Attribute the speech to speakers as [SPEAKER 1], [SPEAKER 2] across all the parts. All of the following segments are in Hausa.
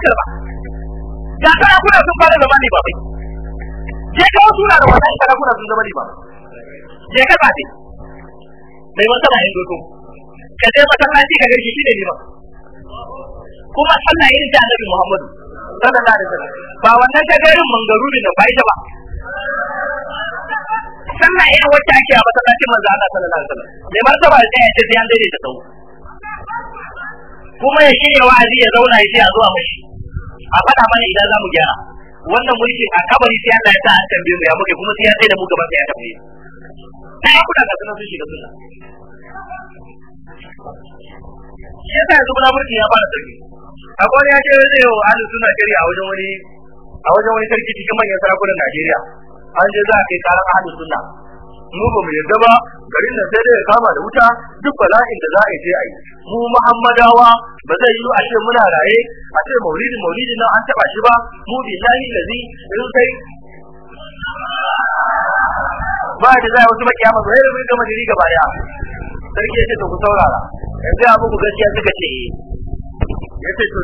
[SPEAKER 1] fuskar ba ga kana kuna sun fara zama ne ba bai je ka wasu na da wannan kana kuna sun zama ne ba je ka tafi mai martaba yin doto ka je masallaci ka garki shi ne ne ba kuma sallah irin ta annabi Muhammadu sallallahu alaihi wasallam ba wannan ta garin mangaruri da bai ta ba sallah irin wata ake a masallacin manzo Allah sallallahu alaihi wasallam mai martaba sai ya ce sai an daidaita sau kuma ya shirya wa'azi ya zauna ya ce a zuwa mashi a faɗa mana idan za mu gyara wannan mulki a kabari sai Allah ya sa a tambaye mu ya muke kuma sai ya tsaye da mu gaban sai ya tambaye sai ya kuɗa kasu sun shiga sunna shi yasa yanzu kuna mulki ya fara sarki akwai ya ce zai yau ahlus sunna kiri a wajen wani a wajen wani sarki cikin manyan sarakunan Najeriya an je za a kai karan ahlus sunna mu ba mu yadda ba garin nan sai dai ya kama da wuta duk bala'in da za a je a yi mu muhammadawa ba zai yi a ce muna raye a ce maulidi maulidi nan an taba shi ba mu billahi lazi in sai ba da za a wasu makiyama ba sai da mun gama diri gaba baya. sarki ya ce to ku saurara yanzu abu ku gaskiya suka ce ya ce to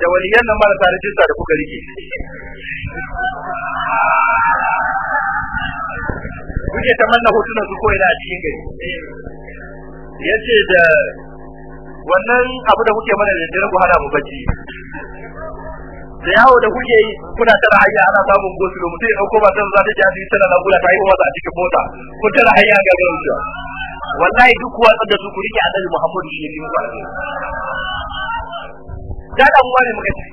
[SPEAKER 1] da waliyan nan marasa rajista da kuka rike kuke ta manna hotunan su koyi a cikin gari yace da wannan abu da kuke mana da dare ku hada mu bacci da yawo da kuke yi kuna tara hanya ana samun gosulo mutum ya dauko matan za ta ji asiri tana lagula ta yi wasa a cikin mota ku tara hanya ga garin su wallahi duk kuwa tsada su ku rike annabi Muhammadu shi ne ku da da mu ne muka ci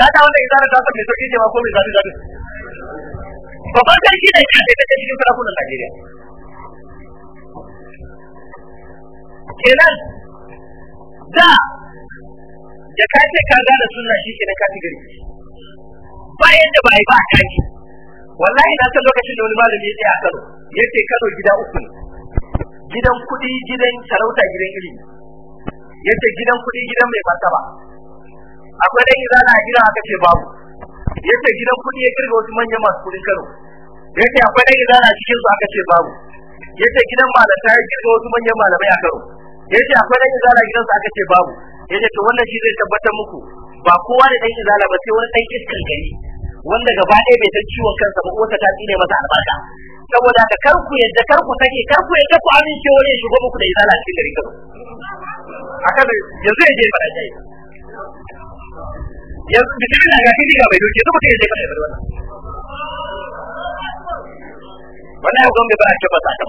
[SPEAKER 1] da da wanda idan ta sake sauki ce ma ko mai zabi ba babban kila ya kai ta cikin sarakunan Najeriya kenan da da ka ce ka gane sunna shi kenan ka fi gari bayan da ba yi ba ka ji wallahi na san lokacin da wani malami ya a Kano ce Kano gida uku ne gidan kuɗi gidan sarauta gidan ilimi ce gidan kuɗi gidan mai martaba akwai dan izana a gidan aka ce babu Ya ce gidan kuɗi ya kirga wasu manyan masu kuɗin Kano yace akwai dan izana cikin su aka ce babu yace gidan malata ya kirga wasu manyan malamai a karo yace akwai dan izana gidan su aka ce babu yace to wannan shi zai tabbatar muku ba kowa da dan izala ba sai wani dan iskar gari wanda gaba ɗaya bai san ciwon kansa ba kuma ta tsine masa albarka saboda ka kar ku yadda kar ku sake kar ku yadda ku amince wani ya shigo muku da izala cikin gari karo
[SPEAKER 2] da yanzu ya je fara kai yanzu bikin da ga kiji ga bai doke saboda ya je fara
[SPEAKER 1] wallahi gwamnati ba a ba sa ta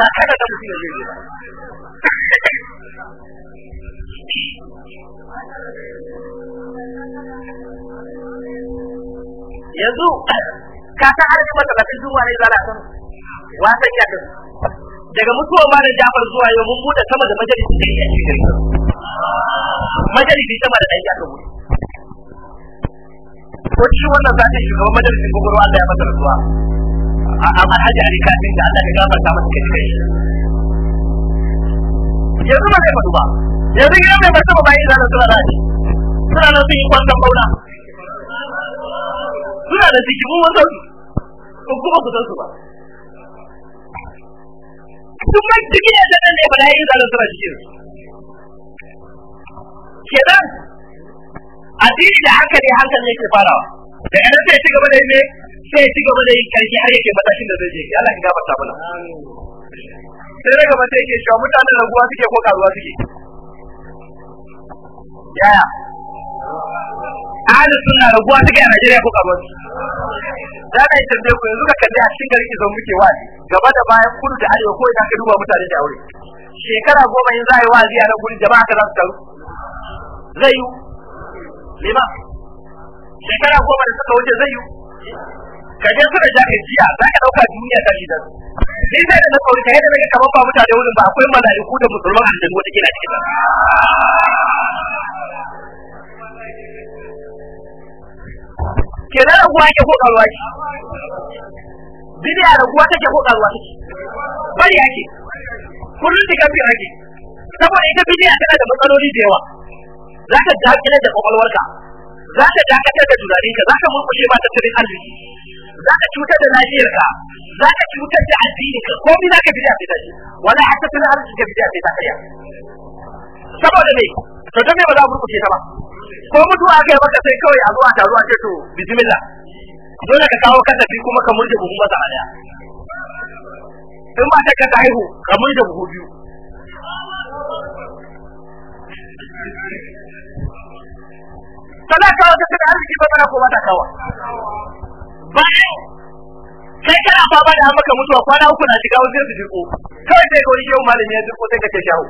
[SPEAKER 2] ba kada ta mutum zai yi
[SPEAKER 1] ba yanzu ka san har kuma talatin zuwa ne zara kan wasan ya kan daga mutuwar malam Jafar zuwa yau mun buɗe sama da majalisi da yake cikin majalisi sama da ɗan ya kan ko shi wannan za ta shugaban majalisin gwagwarwa Allah ya masa rasuwa alhaji ali kafin da Allah ya gafarta masa kai kai yanzu ba kai ba yanzu gidan mai martaba bayan idan suna da ne suna nan sun yi kwanton bauna suna da ciki mun wasan su kuma ku san su ba duk mai ciki yadda da ne ba da yin zanen suna cikin kenan A addini da hankali hankali yake farawa da yanar sai ci gaba da yi ne sai ci gaba da yi karshe har yake matashin da zai je Allah ya gafarta mana sai daga mata yake cewa mutanen raguwa suke ko karuwa suke yaya ahli sunna raguwa suke a Najeriya ko karuwa suke za ka yi tambaye ku yanzu ka kalli a cikin garin izon muke wazi gaba da bayan kudu da arewa ko idan ka duba mutane da aure shekara goma in za a yi wazi a nan gurin jama'a ka za su taru zai yi me ba shekara goma da suka wuce zai yi Kaje je suka jahilciya za ka ɗauka duniya ta shi da su ni sai da na kauri kai da nake kamar ba mutane wurin ba akwai mala'iku da musulman aljannu wata kila cikin kenan raguwa ke ko karuwa ce bidiya raguwa take ko karuwa take bari yake kullum da gabi ake saboda ita bidiya tana da matsaloli da yawa za ka dakilar da kwakwalwarka za ka dakatar da tunaninka za ka murkushe ba tattalin arziki za ka cutar da lafiyarka za ka cutar da addininka komai za ka fita fita shi wala har tattalin arziki ka fita fita kariya saboda me to don ba za a murkushe ta ba ko mutuwa aka yi maka sai kawai a zuwa taruwa ce to bismillah dole ka kawo kasafi kuma ka murje buhu masa a daya in ba ta ka haihu ka murje buhu biyu sana kawo ta da arziki ba tana koma ta kawo bayan kai kana fama da maka mutuwa kwana uku na shiga wajen su jiko kai sai ko wani malami ya jiko sai ka ce shawo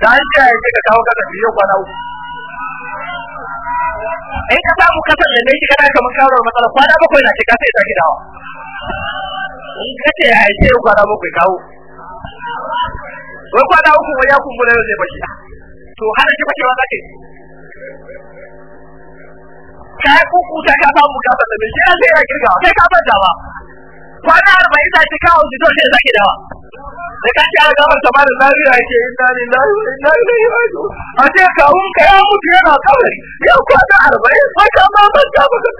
[SPEAKER 1] da an ce ya ka kawo kasa biyo kwana uku in ka samu kasar da ne shi kana kamar karuwar matsala kwana bakwai na shiga sai ta gidawa in ka ce ya ce kwana bakwai kawo wai kwana uku wai ya yau zai bashi to hana shi bacewa za ka yi ka yi kukuta ka samu ka fata mai zai kirga ka fata ba kwana arba'in ta kawo shi to sai dawa da ka ce a gabar ta ba da zari ya ce inna lillahi wa inna ilaihi a ce ka ya mutu yana kawai yau kwana arba'in sai ka ma ba ka ba ka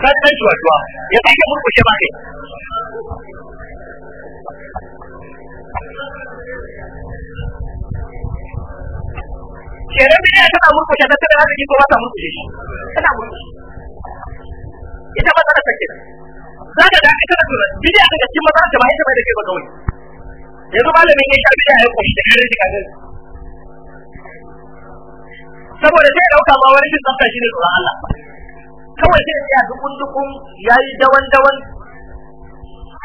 [SPEAKER 1] kan ɗan cuwa-cuwa ya sake murkushe ba kai
[SPEAKER 2] kenan da ya tana murku ta tattara arziki ko wata murku shi
[SPEAKER 1] tana murku ita matsala ta da. za ka da ita da tura a daga cikin matsala ta ba ita bai da ke ba kawai yanzu malamin ya shafi ya koshi da kare da kare saboda sai ɗauka ma wani shi tsafta shi ne tsoron Allah kawai sai ya dukun dukun yi dawan dawan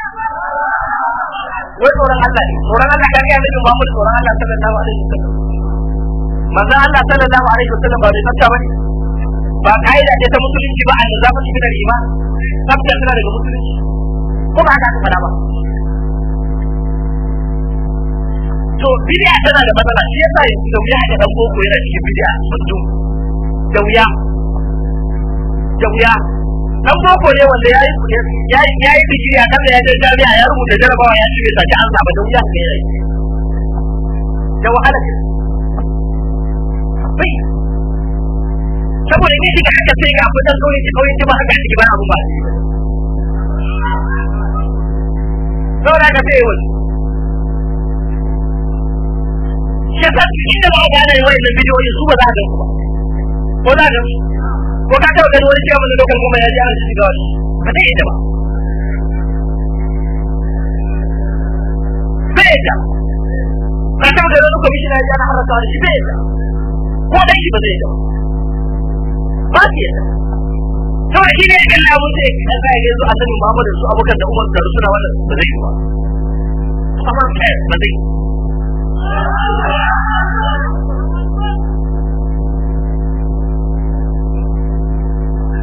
[SPEAKER 1] wai tsoron Allah ne tsoron Allah kariya ne ba mu tsoron Allah sallallahu alaihi wasallam manzo Allah sallallahu alaihi wasallam ba da tsafta bane ba kaida ce ta musulunci ba annabi zamu ci da rima tsafta tana daga musulunci ko ba haka aka fara ba to bid'a tana da matsala shi yasa yanzu da wuya ga dan boko yana cikin bid'a mutum da wuya da wuya dan boko ne wanda ya yi ya yi digiri a kan ya je jami'a ya rubuta jarabawa ya ci bai saki an saba da wuya ne yayi da wahala ce bai saboda ne shi haka sai ga fitar kauyen shi kauyen shi ba haka shi ba abu ba saboda haka sai wani
[SPEAKER 2] shi yasa inda ba ga da yawa da
[SPEAKER 1] bidiyoyi su ba za a ga ba ko za a ga ko ka taɓa gani wani ciyaman lokal goma ya ji an shi ga
[SPEAKER 2] wani ba zai yadda ba zai yadda
[SPEAKER 1] ka taɓa gani wani kwamishina ya ji an harasa wani shi zai yadda ko dan shi ba zai yadda ba su yadda kawai shi ne ya galla mun sai ka a yanzu annabi Muhammad su abokan da Umar da suna wannan ba zai yi ba amma kai ba zai yi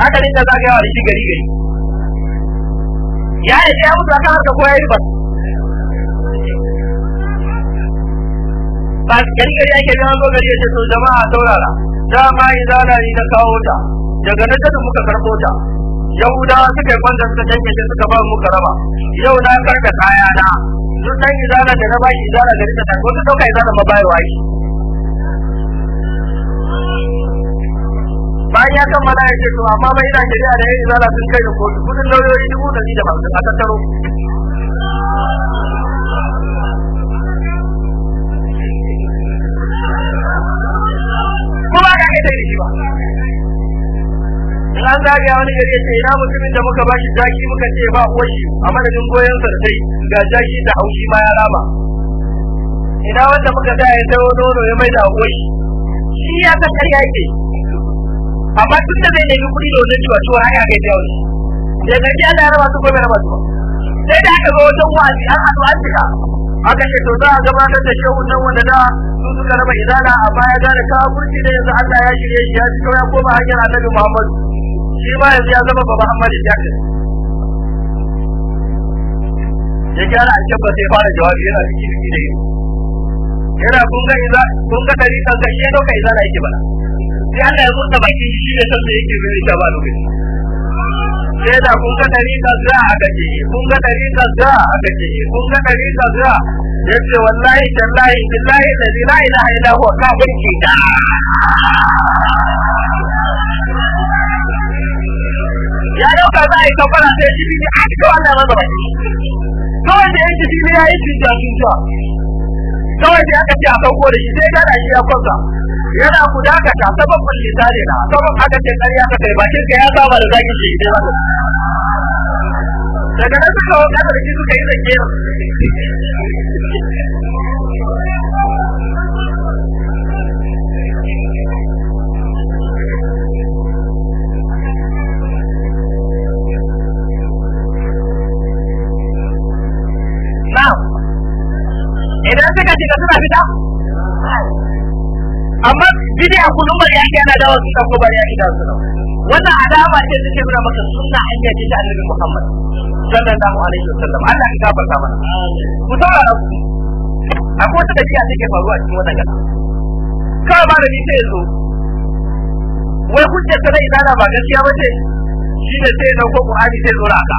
[SPEAKER 1] haka rinka zagayawa wa shi gari gari ya yi ya mutu akan harka ko ya yi ba ba gari gari ake gama zo gari ya ce to jama'a saurara dama zana ni na kawo ta daga nan da muka karɓo ta yahudawa suka yi kwanta suka canje shi suka ba muka raba yau na karka kaya na duk dan izala da na ba izala gari ta ko ta dauka izana ma bayarwa yi bayan ya kammala ya ce to amma bai ina shari'a da yayin izala sun kai da kotu kudin lauyoyi dubu ɗari da masu a tattaro kuma ka kai yi shi ba an zagaya wani gari ya ce ina mutumin da muka bashi jaki muka ce ba uwashi a madadin goyon sa dai ga jaki da haushi ma ya raba ina wanda muka da ya dawo nono ya mai da uwashi shi ya san ƙarya yake amma tun da zai nemi kuɗi da wajen cewa cewa hanya kai jawo ne da gaji Allah ya masu su na masu raba ba sai da aka zo wajen wa'azi an haɗu an cika aka ce to za a gabatar da shehu nan wanda da su suka raba izala amma ya gane kafurci da yanzu Allah ya shirye shi ya kawai ya koma hanyar Annabi Muhammadu. shi ma yanzu ya zama baba Muhammadu ya kai ya gyara a can ba sai fara jawabi yana cikin da yana kun ga iza kun ga dari kan ga shi doka yake bana sai Allah ya kunta bakin shi ne sanda yake gani ta ba lokaci sai da kun ga dari kaza aka ce kun ga dari kaza aka ce kun ga dari Ya ce wallahi tallahi billahi la ilaha illa huwa kafirci da ya dauka za a yi kafara sai shi ne a cikin wannan mazaba kawai da yanki shi ne ya yi cuta cuta kawai sai aka ce a sauko da shi sai gada shi ya kwanta yana ku dakata sababin lisani na sabab haka ce ƙarya ka kai bakin ka ya saba da zaki ce idan
[SPEAKER 2] daga nan suka wakar da suka yi zake
[SPEAKER 1] bid'a kudin bari yake ana dawo su ko bari yake dawo su wannan alama ce take nuna maka sunna hanya ce ta Annabi Muhammad sallallahu alaihi wasallam Allah ya gafarta mana ku saurara ku akwai wata dabi'a ke faruwa cikin wannan gaba kawai malami sai zo wai hujjar ta dai dana ba gaskiya ba ce Shi shine sai na ko Qur'ani sai dora ka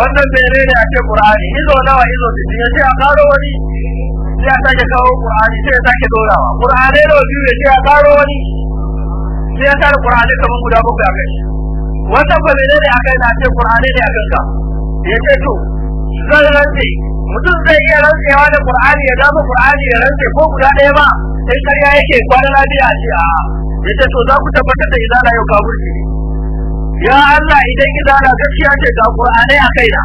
[SPEAKER 1] wannan bai ne a ce Qur'ani izo nawa izo ce ya ce a karo wani sai ya sake kawo Qur'ani sai ya sake dorawa Qur'ani da biyu ya ce ya karo wani sai ya tara Qur'ani kamar guda bakwai a kai wata fa ne a kai na ce Qur'ani ne a ka ya ce to zan rantse mutum zai iya rantsewa da Qur'ani ya dafa Qur'ani ya rantse ko guda ɗaya ba sai karya yake kwana lafiya ce a ya ce to za ku tabbatar da idana yau kaburci ya Allah idan idana gaskiya ce ga Qur'ani a kai kaina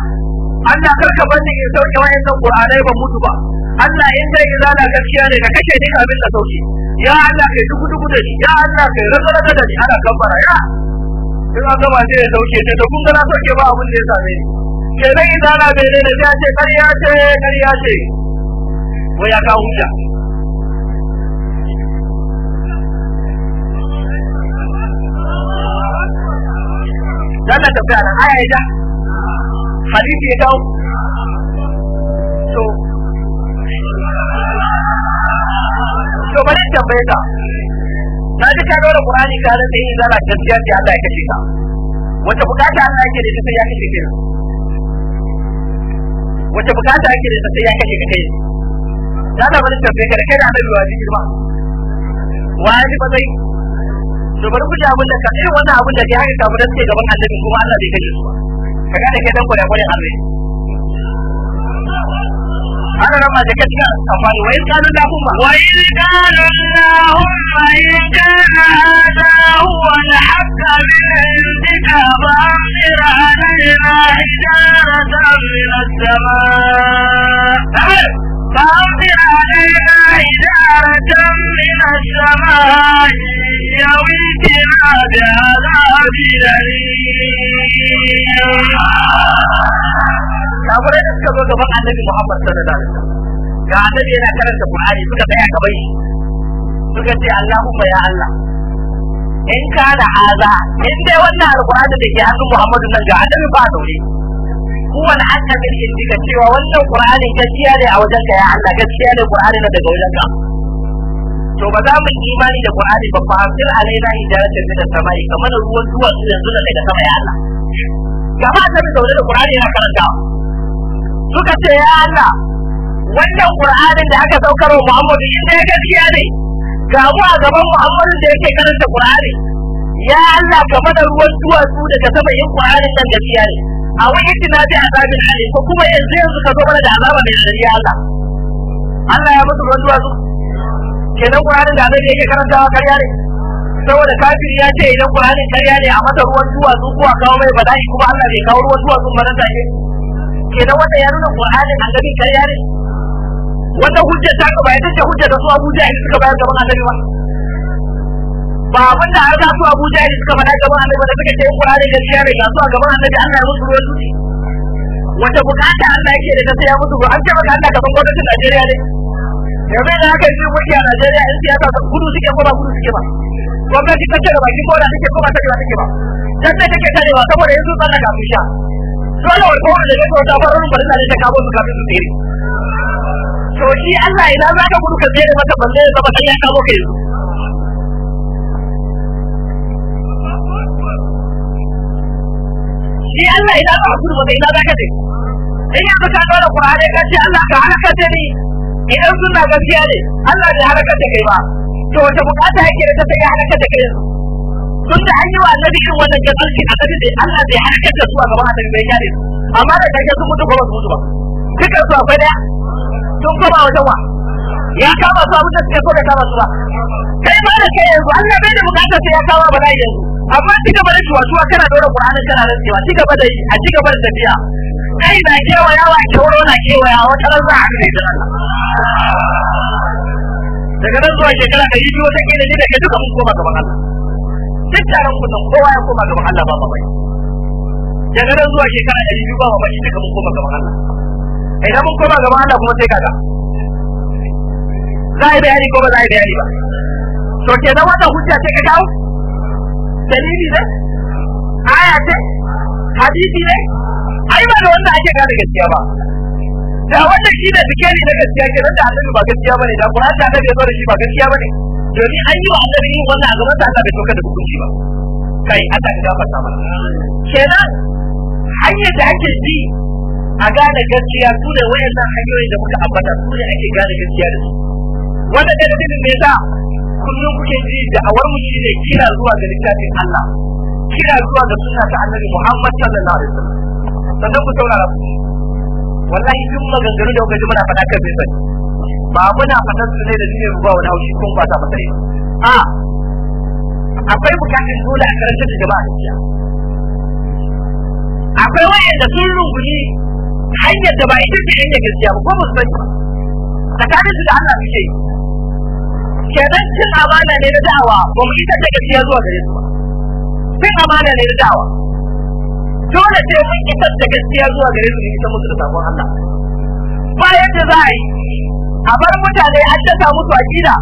[SPEAKER 1] Allah karka bani in sauke wayannan Qur'anai ba mutu ba Allah in zai yi zala gaskiya ne ka kashe duk abin da sauki ya Allah kai duku duku da shi ya Allah kai rabar da shi ana kambara ya in an gaba sai ya sauke sai to kun ga na sauke ba abin da ya same ni ke nan izana bai ne da ya ce kariya ce kariya ce wai ya kawo hujja dan da tafiya nan aya ita hadisi ya kawo to yadda bai ta na ji ka dora qur'ani ka da sai zana gaskiya ce Allah ya kashe ta. wata bukata Allah yake da ita sai ya kashe ka wata bukata yake da ita sai ya kashe kake kai da na bari tambaye ka da kai da Allah ya ji girma wa ba zai to bari ku ji abin da ka irin wannan abin da ya haka kafirai suke gaban Allah kuma Allah bai kashe su ba ka ga da kai dan gwada gwada Allah ana rama da gaskiya amfani wa in da kuma wa in kanu allahumma in kana hada huwa al-haqq min indika fa'amir alaina hijaratan min as-samaa فأمطر علينا حجارة من السماء يويتنا بعذاب أليم kafirai da suka zo gaban annabi Muhammad sallallahu alaihi ga annabi yana karanta Qur'ani suka tsaya gaban shi suka ce Allahumma ya Allah in ka kana aza, in dai wannan alqur'ani da ke hannun Muhammadu nan ga annabi ba daure kowane annabi in diga cewa wannan qur'ani gaskiya ne a wajen ka ya Allah gaskiya ne qur'ani na daga wajen ka to ba za mu yi imani da qur'ani ba fa fil alaina hijaratan min as-sama'i kamar ruwan duwatsu yanzu daga sama ya Allah gaba ta bi daure da qur'ani yana karanta suka ce ya Allah wannan Qur'anin da aka saukar wa Muhammadu in dai gaskiya ne ga mu a gaban Muhammadu da yake karanta Qur'ani ya Allah ka fada ruwan duwatsu daga sama yin Qur'anin nan gaskiya ne a wani na ji azabin alim ko kuma yanzu yanzu ka zo mana da azaba ne ya Allah Allah ya mutu ruwan duwatsu kenan Qur'anin da zai yake karantawa karya ne saboda kafiri ya ce idan Qur'anin karya ne a mata ruwan duwatsu ko a kawo mai bala'i kuma Allah bai kawo ruwan duwatsu ba nan take kenan wanda ya nuna qur'anin annabi kariya ne wata hujja ta ka bai tace hujja da su Abu Jahil suka bayar gaban annabi ba ba abin da har su Abu Jahil suka faɗa gaban annabi ba da suka ce qur'anin da ne ga su a gaban annabi Allah ya musu ruwan zuci wata bukata Allah yake da ta sai ya musu ba an ce maka Allah gaban gwamnatin Najeriya ne yanzu da haka yi mulki a Najeriya in siyasa ta gudu suke ko ba gudu suke ba gwamnati ta ce da baki ko da take ko ba take ba take ba dan da take tarewa saboda yanzu tsallaka su sha dole wai kowa da ya wata farin bari na da kabo su kafin su tsere to shi Allah idan za ka gudu ka tsere mata balle ya zama kan ya kabo ka yanzu shi Allah idan za ka gudu mata idan za ka je in ya fi kaɗo da Qur'ani ka ce Allah ka halaka ta ne idan suna gaskiya ne Allah bai halaka ta kai ba to wata bukata yake da ta ta halaka ta kai yanzu tun da an yi wa annabi irin wannan gaskiyarki annabi bai Allah bai harkar da su a gaban annabi bai kare amma da kake sun mutu ko ba su mutu ba dukkan su akwai daya sun koma wajen wa ya kama su abin da suke so da kama su ba kai ma da kai yanzu Allah bai da bukatar sai ya kama ba dai yanzu amma ci gaba da shuwa shuwa kana dora Qur'anin kana rantsewa ci gaba da a ci gaba da tafiya kai na kewaya wa kewaro na kewaya wata ran za a kai da Allah daga nan zuwa shekara ɗari biyu wata kila ne da daga duka mun koma gaban Allah duk taron kusan kowa ya koma gaban Allah ba mamaki daga nan zuwa shekara ɗari biyu ba mamaki daga mun koma gaban Allah idan mun koma gaban Allah kuma sai kaga za a yi bayani ko ba za a yi bayani ba to kenan wannan hujja ce ka kawo dalili ne aya ce hadisi ne ai ba da wanda ake gane gaskiya ba da wannan shi ne sikeli na gaskiya kenan da annabi ba gaskiya bane da qur'ani da annabi ya zo da shi ba gaskiya bane domin an yi wa annabi yin wannan a gaban sa bai sauka da hukunci ba kai aka ga fata ba. kenan hanyar da ake bi a gane gaskiya su ne wayannan hanyoyin da muka ambata su ne ake gane gaskiya da su wanda dalilin me sa kullum kuke ji da awar mu shine kira zuwa ga littafin Allah kira zuwa ga sunna ta Annabi Muhammad sallallahu alaihi wasallam sannan ku saurara ku wallahi duk maganganu da kuka ji muna faɗa kan bai sani ba muna faɗar su ne da suke ruwa wani haushi kun ba ta matsayi a akwai bukatun dole a karshen da jama'a gaskiya akwai wayanda sun rungumi hanyar da ba ita ce hanyar gaskiya ba ko ba su ba tsakanin su da Allah suke yi kenan cin amana ne na da'awa ba mu ita ta gaskiya zuwa gare su ba cin amana ne na da'awa dole sai mun isar da gaskiya zuwa gare su ne ita musu da sabon Allah bayan da za a yi a bar mutane an dasa musu akida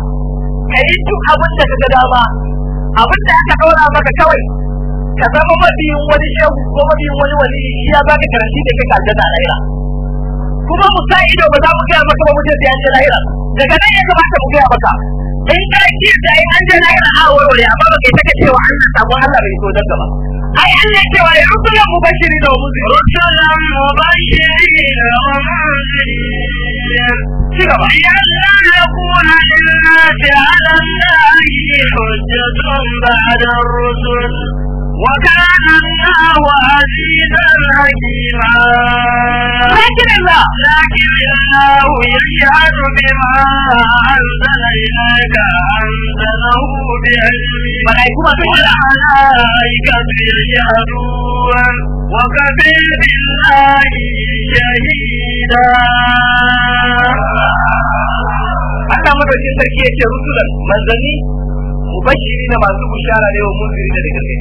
[SPEAKER 1] ka yi duk abin da ka ga dama abin da aka ɗora maka kawai ka zama mabiyin wani shehu ko mabiyin wani wani shi ya baka karanci da kai kalda da laira kuma mu sa ido ba za mu gaya maka ba mu je sai lahira daga nan ya kamata mu gaya maka in ka ji da in an je laira a warware amma ba kai take cewa Allah sabon Allah bai so daga ba ai Allah cewa ya rusulan mubashirin da munzirin rusulan mubashirin da munzirin وإن لم يكون للناس على الله حجة بعد الرسل وكان الله عزيزا حكيما لكن الله لكن الله يشهد بما أنزل إليك أنزله بعلمه والملائكة يشهدون وكفى بالله شهيدا Allah madaukin sarki ya ce rusulan manzanni mubashiri da masu bishara ne wa munziri da daga gari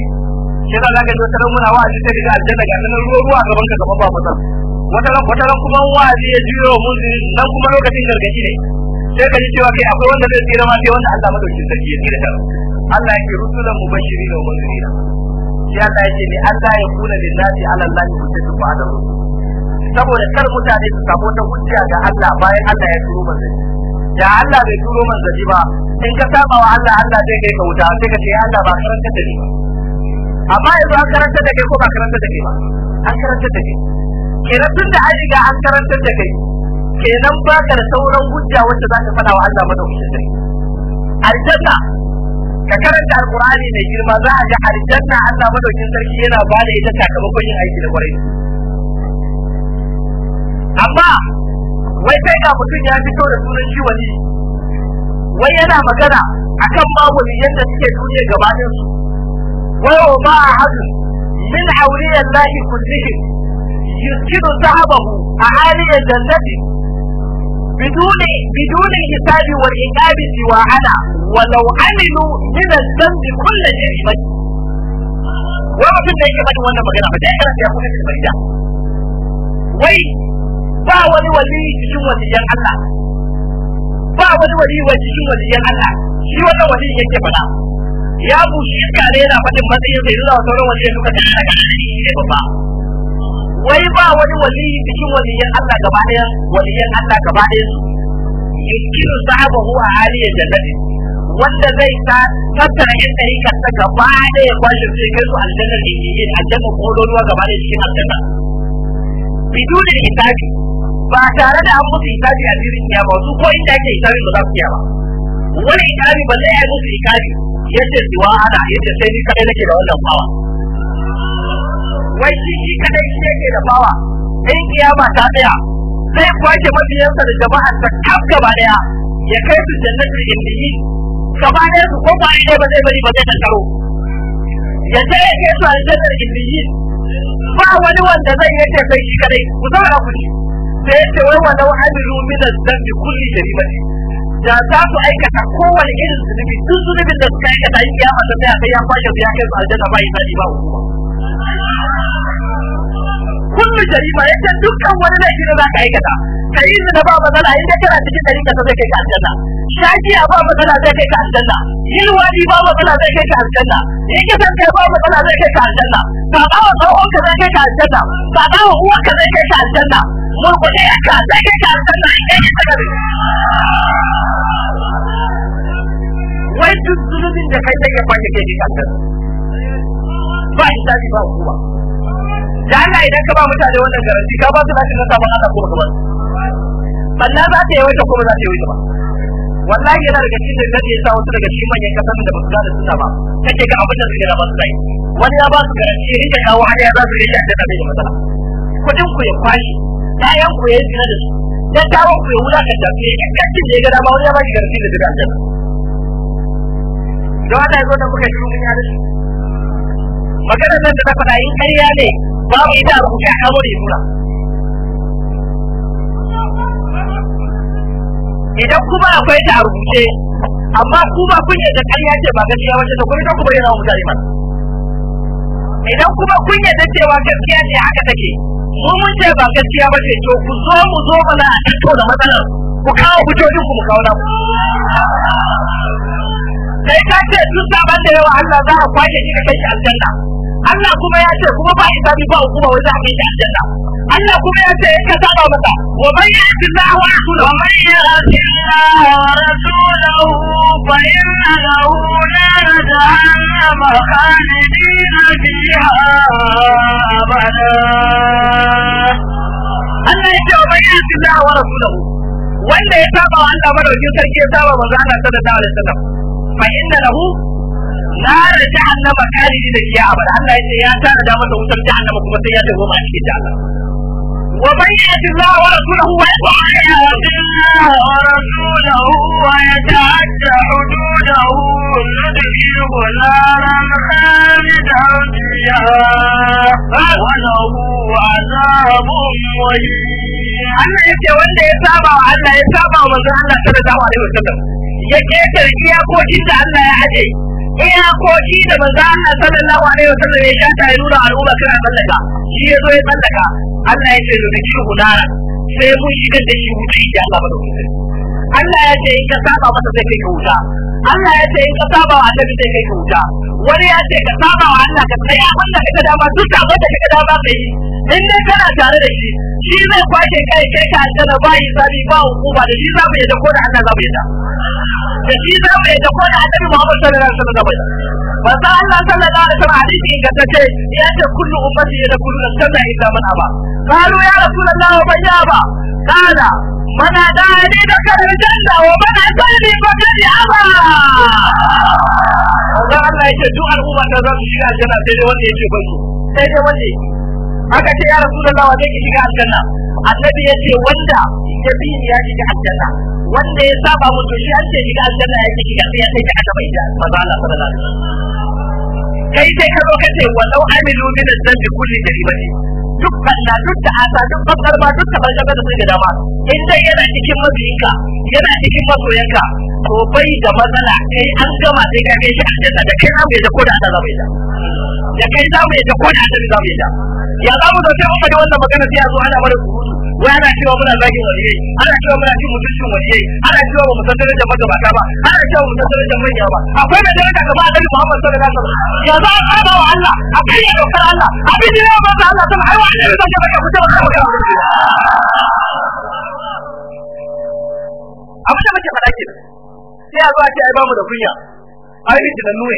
[SPEAKER 1] sai za ka ji taron muna wa'azi sai daga aljanna ga nan ruwa ruwa gaban ka gaba ba mata wata ran wata ran kuma wa'azi ya jiro mun nan kuma lokacin gargaji ne sai ka ji cewa kai akwai wanda zai tsira ma sai wanda Allah madaukin sarki ya tsira Allah yake rusulan mubashirin wa munzirin ya ta yake ne Allah ya kula lin nasi ala Allah hujjatu da rusul saboda kar mutane su samu wata hujja ga Allah bayan Allah ya turo manzanni da Allah bai turo manzanni ba in ka saba wa Allah Allah zai kai ka wuta sai ka ce Allah ba karanta da ni amma yanzu an karanta da kai ko ba karanta da kai ba an karanta da kai kenan tun da an riga an karanta da kai kenan ba ka da sauran hujja wacce za ka faɗa wa Allah madaukakin sarki aljanna ka karanta alqur'ani mai girma za a ga aljanna Allah madaukakin sarki yana ba da ita sakamakon yin aiki da kwarai amma wai sai ga mutum ya fito da sunan shi wani wai yana magana akan babu yadda suke duniya gabanin su ويوضع عدل من عولي الله كلهم يسكن ذهبه أعالي جلده بدون بدون حساب والعقاب سوى أنا ولو عملوا من الذنب كل جرما ولو كنت يجمعني وانا مغنى فتاة يا يقول في البريدة وي با ولي ولي تشوى تجان الله با ولي ولي تشوى تجان الله شوى ولي يجمعنا ya bushi iska ne yana faɗin matsayin sai zuwa sauran wani suka ta daga ne ba. wai ba wani waliyi cikin waliyan Allah gaba ɗaya waliyan Allah gaba ɗaya yuskiru sahabahu a haliyar jannati wanda zai ta tattara yan ɗarikan ta gaba ɗaya kwashe sai kai su aljanna aljannar injiniyin aljannar ruwa gaba ɗaya cikin aljanna bidunin hisabi ba tare da an musu hisabi a filin kiyama su ko inda ake hisabi ba za su kiyama wani hisabi ba zai yi musu hisabi yace siwa ana yace sai ni kadai nake da wannan bawa wai shi shi kadai shi yake da bawa in kiyama ta tsaya zai kwace mabiyansa da jama'ar ta kaf gaba daya ya kai su jannatul indiyi gaba daya su ko ba ne ba zai bari ba zai taro ya ce ya kai su aljannar indiyi ba wani wanda zai yace sai shi kadai ku zauna ku ci. sai ya ce wai wa law amilu min az-dhanbi kulli jaribati da za su aikata kowane irin zunubi duk zunubin da suka aikata yi kiyama da sai aka ya kwashe ya kai su aljanna ba imani ba kullum jarima yadda dukkan wani laifi da za ka aikata ka yi zina ba matsala in ka kira cikin ɗari kasa zai kai ka aljanna shagiya ba matsala zai kai ka aljanna yin wani ba matsala zai kai ka aljanna in ka san kai ba matsala zai kai ka aljanna ba wa tsohon ka zai kai ka aljanna ba wa uwa ka zai kai ka aljanna murkuɗe ka zai kai ka aljanna in ka yi gari ai duk zunubin da kai sai ya kwace ke ki kantar ba shi ita ba kuma da Allah idan ka ba mutane wannan garanti ka ba su lafiya na sabon Allah kuma kamar sannan za ta yawaita kuma za ta yawaita ba wallahi yana daga cikin da ya sa wasu daga cikin manyan kasar da basu gane suna ba kake ga abin da suke da basu dai wani ya ba su garanti rike kawo hanya za su rike da da matsala kudin ku ya kwashi kayan ku ya yi tsira da su dattawan ku ya wulaka da su ya kakkacin da ya ga dama wani ya ba shi garanti da da da wanda zo da kuka shi ya dace magana nan da ta faɗa yin ƙarya ne ba babu ita a rubuce a kamo da ya idan kuma akwai ta a rubuce amma kuma kun yadda ƙarya ce ba gaskiya wace da kuma ita kuma yana mutane mana idan kuma kun yadda cewa gaskiya ne haka take mu mun ce ba gaskiya ba ce to ku zo mu zo mana a tattauna matsalar ku kawo hujjojin ku mu kawo na ku sai ka ce duk saban da yawa Allah za a kwace shi ka kai shi aljanna Allah kuma ya ce kuma ba isa ba hukuma wai za a kai shi aljanna Allah kuma ya ce in ka saba masa wa man ya'ti Allah wa rasulahu wa man ya'ti Allah wa rasulahu fa inna lahu nar jahannam khalidin fiha abada Allah ya ce wa man ya'ti Allah wa rasulahu wanda ya saba wa Allah madaukin sarki ya saba manzo Allah sallallahu alaihi wasallam fa inna lahu nar jahannam kalidi da ya abada Allah yace ya tara da masa wutar jahannam kuma sai ya dawo ma cikin jahannam wa man Allah wa rasuluhu wa yata'adda hududahu nudkhiluhu naran khalidan fiha wa lahu azabun muhin Allah wanda ya saba wa Allah ya saba wa manzon Allah sallallahu alaihi wasallam ya ƙetar iyakokin da Allah ya aje iyakoki da ba za a sallallahu alaihi wa sallam ya sha ta nuna al'umma kana tsallaka shi ya zo ya tsallaka Allah ya ce da shi gudana sai mun shiga da shi wuce da Allah ba da Allah ya ce in ka saba masa sai kai ka wuta Allah ya ce in ka saba wa annabi sai kai ka wuta wani ya ce ka saba wa Allah ka tsaya Allah ka dama duk abin da ba dama kai in dai kana tare da shi shi zai kwace kai kai ka aljanna ba yi sabi ba hukuma da shi za mu yadda ko da Allah za mu yadda da shi za mu yadda ko da Annabi Muhammad sallallahu alaihi wasallam za mu yadda manzo Allah sallallahu alaihi wasallam hadisi ingantacce ya ce kullu ummati da kullu sanna illa man aba qalu ya rasulullah wa ya aba qala man adani da kalal janna wa man asani fa kad aba Allah ya ce duk al'umma ta za su shiga aljanna sai dai wanda yake bai sai dai wanda yake aka ce ya rasu da wa zai shiga aljanna annabi ya ce wanda ya bi ya shiga aljanna wanda ya saba mutu shi an ce shiga aljanna ya shiga ya sai ka gaba da maza Allah sallallahu da wasallam kai sai ka zo kace wallau amilu min adzabi kulli jaribati duk balla duk da asa duk babbar ba duk tabar shagar da suke dama in dai yana cikin mabiyinka yana cikin masoyanka to bai da matsala kai an gama sai ka kai shi aljanna da kai zamu yi da koda ta za mu yi da da kai za mu yi da koda ta yi da ya za mu dauke muka da wannan magana sai a zo ana mana kurutu wai ana cewa muna zagi waliyai ana cewa muna cin mutuncin waliyai ana cewa ba mu san darajar magabata ba ana cewa ba mu san darajar manya ba akwai da daraja ga ba annabi Muhammad sallallahu alaihi wasallam ya za a tsaba wa Allah a kai ya daukar Allah abin da ya ba ta Allah sama ai wani ne zai baka fita wannan magana abin da muke faɗa kenan sai a zo a ce ai ba mu da kunya ai bi da nuwe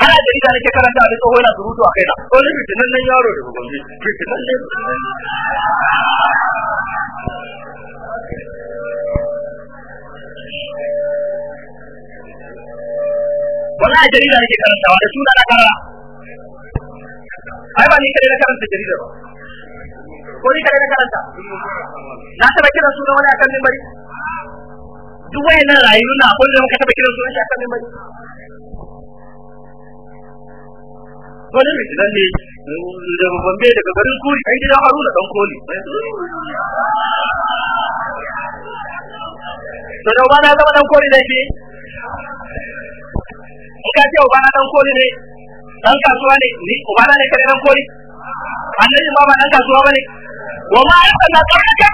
[SPEAKER 1] har a jarida nake karanta da tsoho yana surutu a kaina to ne fitinan nan yaro da gobe fitinan ne Wani a jarida nake karantawa da suna na kara ai ba ni kare na karanta jarida ba ko ni kare na karanta na taba kira suna wani akan mimbari duk wayannan rayuwa na akwai da muka taba kira suna shi akan mimbari wani mai nan ne da bambe daga garin kuri ai gidan haruna dan koli
[SPEAKER 2] to da ba na zama dan koli da ke
[SPEAKER 1] in ka ce ubana dan koli ne dan kasuwa ne ni ubana ne kare dan koli annabi ba ba dan kasuwa bane wa ma arsalna qablaka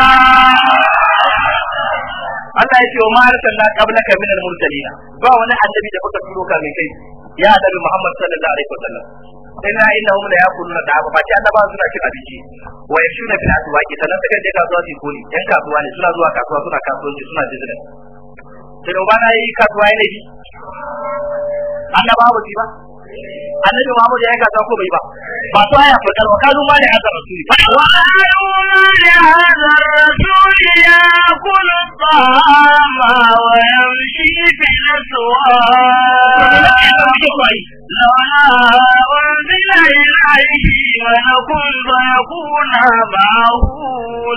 [SPEAKER 1] wa ma na qablaka min al-mursalin ba wani annabi da kuka turo ka mai kai ya annabi Muhammad sallallahu alaihi wasallam inna hum la yaquluna da ba ta annaba suna cin abinci wa yashuna bil aswaqi sanan suka je kasuwa su koli yan kasuwa ne suna zuwa kasuwa suna kasuwanci suna jizra sai ba na yi kasuwa ne annabawa ba annabi Muhammad ya gasa ko bai ba ba to aya fadar wa kalu ma li hadha rasuli fa wa ma li hadha rasuli ya kullu ta'ama wa yamshi fil aswaq وأنزل إليه ملك فيكون معه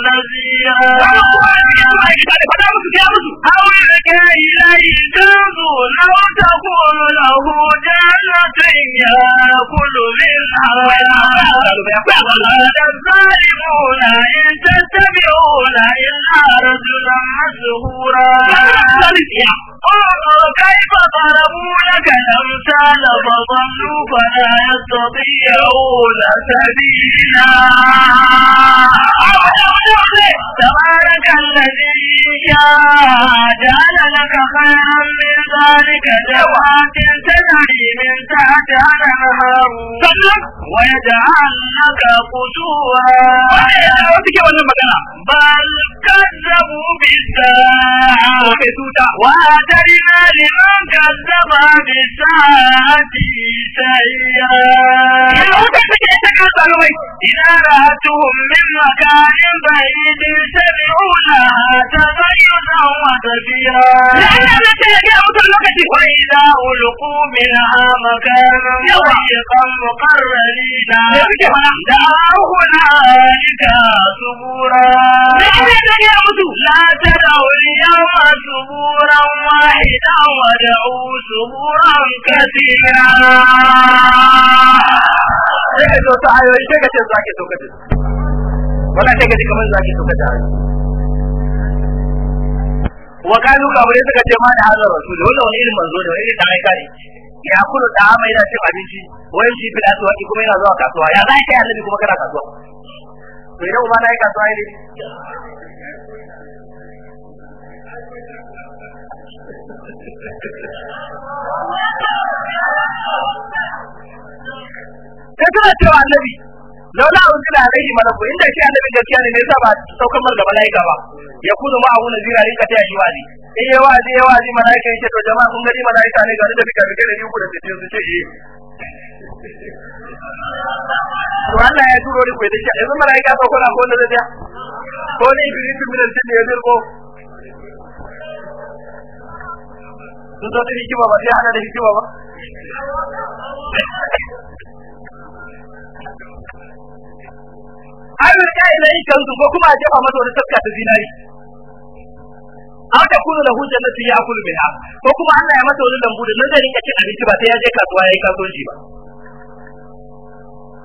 [SPEAKER 1] نذيرا أو يلقى إليه كنز لو تكون له جنة آكل منها ولا أنت الظالمون إن تتبعون إلا رجلا مسهورا انظر كيف ضربوا لك الأمثال فضلوا فلا يستطيعون سبيلا تبارك الذي جعل لك خيرا من ذلك جوات تدعي من تحتها sannan wa yaj'alaka qusuha wa take wannan magana bal kazzabu bisaa kai tuta wa tarina liman kazzaba bisaati sayya ya wata take ta kasa bai ina ra'atuhum min makanin ba'id tabi'una tabayyana wa tabiya la'anna ta ga mutan lokaci wa ila ulqu minha makanan المقربين لا هنالك ثبورا لا تدعوا اليوم ثبورا واحدا ودعوا ثبورا كثيرا sai ta ayoyi sai ka ce zaki so ka dace wala sai ka ji wa kanu ka bare suka ce ma da hazar rasul wani wani ya kula da amma yana cin abinci wai shi fil aswaqi kuma yana zuwa kasuwa ya zai kai annabi kuma kana kasuwa to idan uba na yi kasuwa ne sai suna cewa annabi laula a rai alaihi malaku inda shi annabi gaskiya ne me yasa ba saukar mar da malaika ba ya kudu ma abu nazira rinka taya shi ne in eh, yawa ji yawa ji malaika yake to jama'a kun gani malaika ne ga da bika bika da yuku da take su ce
[SPEAKER 2] eh to
[SPEAKER 1] Allah ya turo ku da shi yanzu malaika ba kuna ko da da ko ne iblis min al-jinn ya dirko sun zo da hikima ba sai hana da hikima ba Ai, da ya yi kansu ko kuma a jefa masa wani tafka ta zinari. aw ta kunu lahu jannatu ya'kulu minha ko kuma Allah ya masa wani lambu da nan zai rika cin abinci ba sai ya je kasuwa yayi kasuwanci ba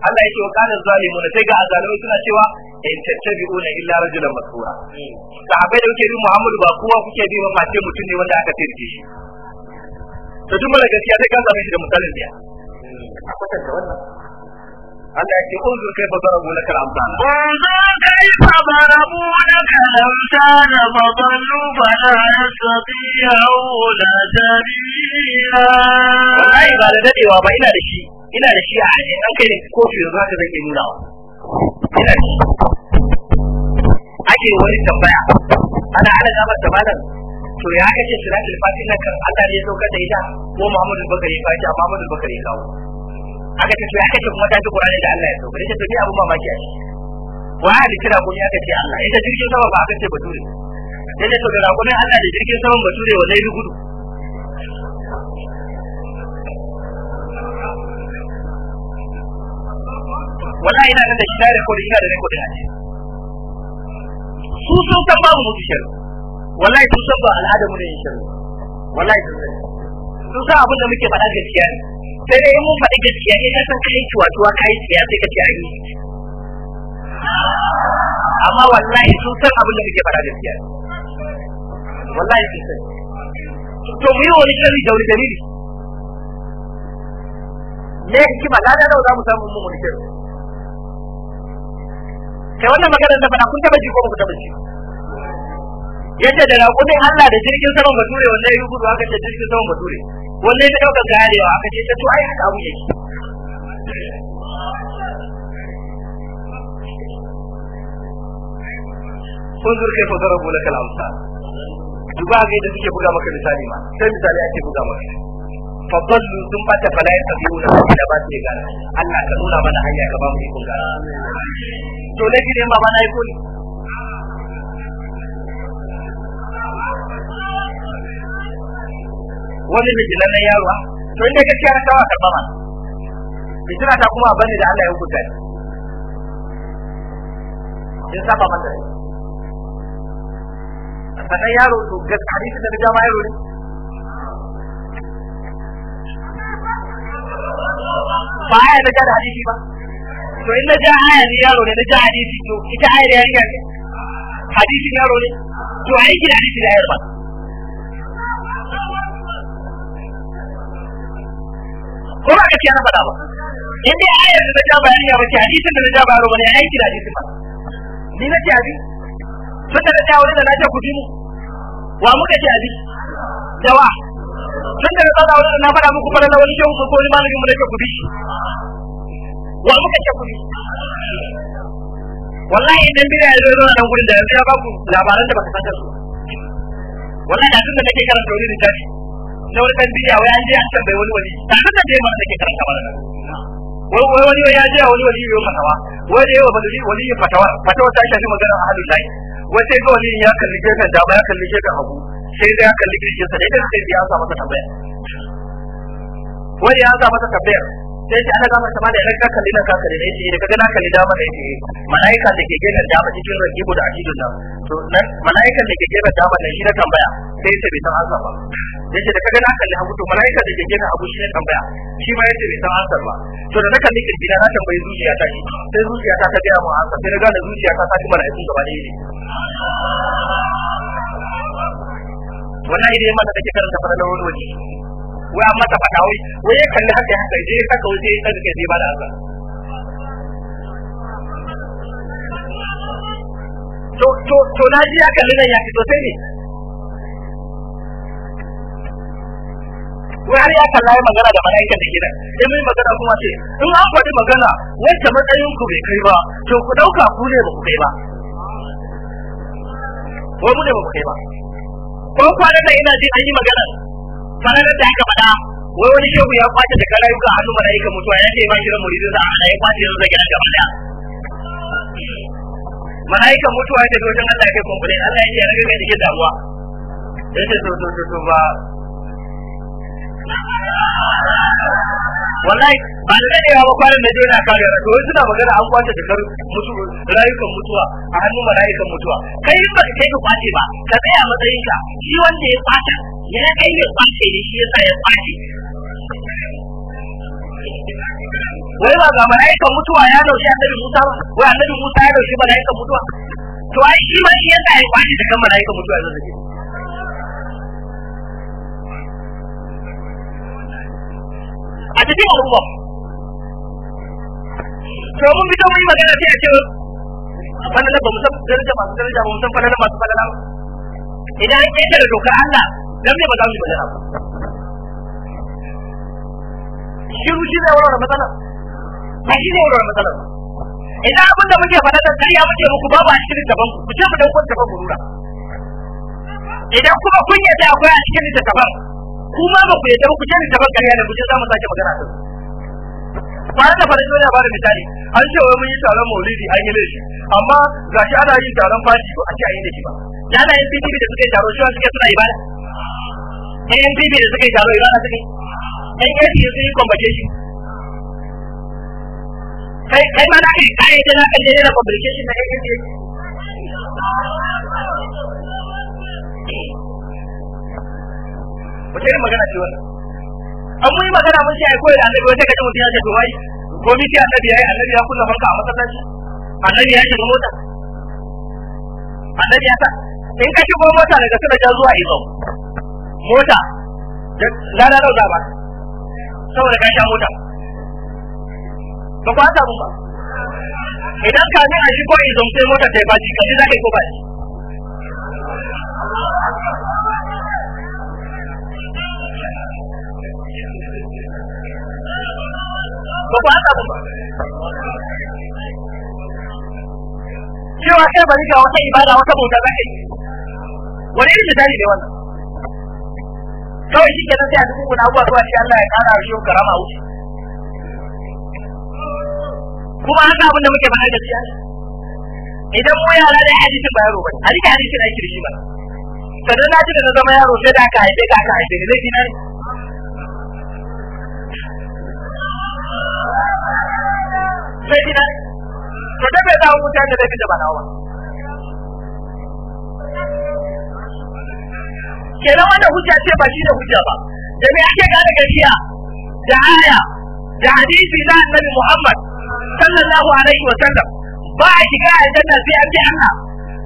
[SPEAKER 1] Allah yake wa kana zalimun sai ga azalimi suna cewa in tattabi'una illa rajulan masura sahabbai da kuke bi Muhammadu ba kowa kuke bi ba mace mutum ne wanda aka tirje shi to duk mara gaskiya sai kan zama shi da misalin biya a kwatanta wannan Allah ya ce unzur kaifa darabu laka al-amsal unzur kaifa darabu laka al-amsal fa dallu fa la yastati'una sabila wallahi ba da dadewa ba ina da shi ina da shi a aje dan kai ko to yanzu haka zan yi nuna wa ina da shi ake wani tambaya ana ana gaba da malam to ya kace sura al-fatiha kan Allah ne ya saukar da ita ko Muhammadu Bakari ya faɗi Muhammadu Bakari kawo aka ce to ya kace kuma tafi ci Qur'ani da Allah ya sauka yace to ni abun mamaki a shi wa ya kira ko ni aka ce Allah ita jirgin sama ba aka ce bature yace to da rakunin Allah da jirgin sama bature wa zai gudu wala ina da shi da ko ina da ko da shi su sun san babu mutu shiru wallahi sun san ba al'ada mu ne shiru wallahi sun san sun san abin da muke faɗa gaskiya ne sai dai mun faɗi gaskiya sai ka san kai tuwatuwa kai tsiya sai ka ce a amma wallahi sun san abin da muke faɗa gaskiya wallahi sun san to mu yi wani sharri da wani dalili me hikima na da za mu samu mun wani sharri kai wannan magana da faɗa kun taɓa ji ko ba ku taɓa ji yace da raƙumin Allah da jirgin saman bature wannan ya yi gudu haka ce jirgin saman bature wanda ya dauka garewa aka ce ta to ai haka abu yake unzur kaifa darabu lakal amsal duba ga yadda suke buga maka misali ma sai misali ake buga maka fadallu sun bata fala ya tabi wani hanyar da ba su gara. Allah ka nuna mana hanya ka ba mu ikon gara. to na gidan ba ma na yi ko ne. wani bijilannen yaro to inda gaskiya na kawo karɓa ma fitina ta kuma bane da Allah ya hukunta ni in saba masa sannan yaro to gaskiya hadisin da ga ma yaro ne ba aya da da hadisi ba to in na ja aya ni yaro ne na ja hadisi to ita aya da yarinya ne hadisin yaro ne to aiki da hadisi da yaro ba gaskiya na faɗa ba in dai ayar da ta bayani ya bace hadisin da ta bayar wani aiki da hadisin ba ni na ce abi suka da tawo da na ce ku mu wa muka ce abi dawa sun da tsada wannan na faɗa muku da wani shehu ko ni malamin mu da ke ku bi wa muka ce ku bi wallahi idan bida ya zo na gurin da yanzu ya ba ku labaran da baka san su wallahi da tun da kake karanta wani littafi na wani kan bidiya wai an je an tambayi wani wali ta nan da dai ba take karanta ba wai wai wani ya je wani wali yau fatawa wai da yawa baduri wali ya fatawa fatawa ta shafi magana ahlul lahi wai sai ga wali ya kalli gefen dama ya kalli gefen hagu sai da ya kalli gefen sa dai da sai ya sa masa tambaya wani ya sa masa tambaya sai ta ana gama ma da idan ka kalli nan ka kalli ne yace daga na kalli dama ne yace malaika da ke gefen dama cikin rakibu da akidu nan to nan malaikan da ke gefen dama ne shi na tambaya sai yace bai san ansa ba yace daga na kalli hagu to malaika da ke gefen hagu shi ne tambaya shi ma yace bai san ansa ba to da na kalli kirji na tambayi zuciya ta shi sai zuciya ta ta gaya mu ansa sai na gane zuciya ta ta ci malaikun gaba ɗaya ne wallahi dai mata take karanta fara na wani waje wai an masa faɗa wai wai ya kalli haka haka je ya saka waje ya saka je ba da azan to to to na ji aka lina ya fito sai ne wai har ya kalla ya magana da mala'ika da gidan in mai magana kuma ce in an faɗi magana wacce matsayin ku bai kai ba to ku ɗauka ku ne ba ku kai ba wai mu ne ba ku kai ba ko kwanan nan ina ji an yi magana falalar da aka faɗa wai wani shehu ya kwace da karayuka hannu mala'ika mutuwa ya ce ba shi ran muridin sa ana ya kwace yanzu zage gaba da mala'ika mutuwa ya tafi wajen Allah ya kai kumfule Allah ya ce rage kai dake damuwa sai ce to to to ba wallahi ba da dadewa ba kwanan da daina kare ra to suna magana an kwace da kar mutu rayukan mutuwa a hannun malaikan mutuwa kai ba kai ka kwace ba ka tsaya matsayin ka shi wanda ya kwata ya kai ne kwace ne shi yasa ya kwace
[SPEAKER 2] wai ba ga malaikan
[SPEAKER 1] mutuwa ya dauki annabi Musa ba wai annabi Musa ya dauki malaikan mutuwa to ai shi ma shi yasa ya kwace da kan malaikan mutuwa yanzu a cikin al'umma to mun fito mun yi magana sai a ce fadala ba mu san daraja masu daraja ba mu san ba masu fadala idan an da dokar Allah dan me ba za mu yi magana ba shiru shi zai warware matsala? ba shi zai warware matsala? idan abin da muke faɗa da ya muke muku babu a cikin gaban ku ce mu dan kwanta ba mu idan kuma kun ta akwai a cikin littattafan kuma ba ku yadda ba ku ce da bakariya da kuje za mu sake magana da bayan da farko ya bada misali an ce wai mun yi taron maulidi an yi laifi amma ga shi ana yin taron fati ko a ce a yi laifi ba ya na NPP da suka yi taro shi suke suna ibada ɗan NPP da suka yi taro ibada suke ɗan NPP sun yi convocation kai kai ma na kai kai da na kai da na convocation na NPP wata irin magana ce wannan an mun yi magana mun ce ai koyi da annabi wata kaje mutum ya ce to wai gobe sai annabi yayi annabi ya kulla fanka a masallaci annabi ya shiga mota annabi ya sa in ka shigo mota daga sada ja zuwa izo mota la la dauka ba saboda ka sha mota ba ku haka ba idan ka ne a shigo izo sai mota ta yi baci ka ji zaka yi ko baci ba ku haɗa ba cewa kai bari ga wata ibada wata bauta za ka yi wani irin misali ne wannan kawai shi kenan sai a cikin kuna abubuwa zuwa shi Allah ya kara shi yau karama wuce kuma haka abin da muke ba faɗa gaskiya idan mu yara da hadisin ba yaro ba hadisi hadisin ake da shi ba sannan na ji da na zama yaro sai da aka haife ka aka haife ne laifi na ne zai gida to da bai dawo mutane da bai da balawa kenan wannan hujja ce ba shi da hujja ba da me ake gane gaskiya da aya da hadisi na annabi Muhammad sallallahu alaihi wa sallam ba a shiga aljanna sai an bi Allah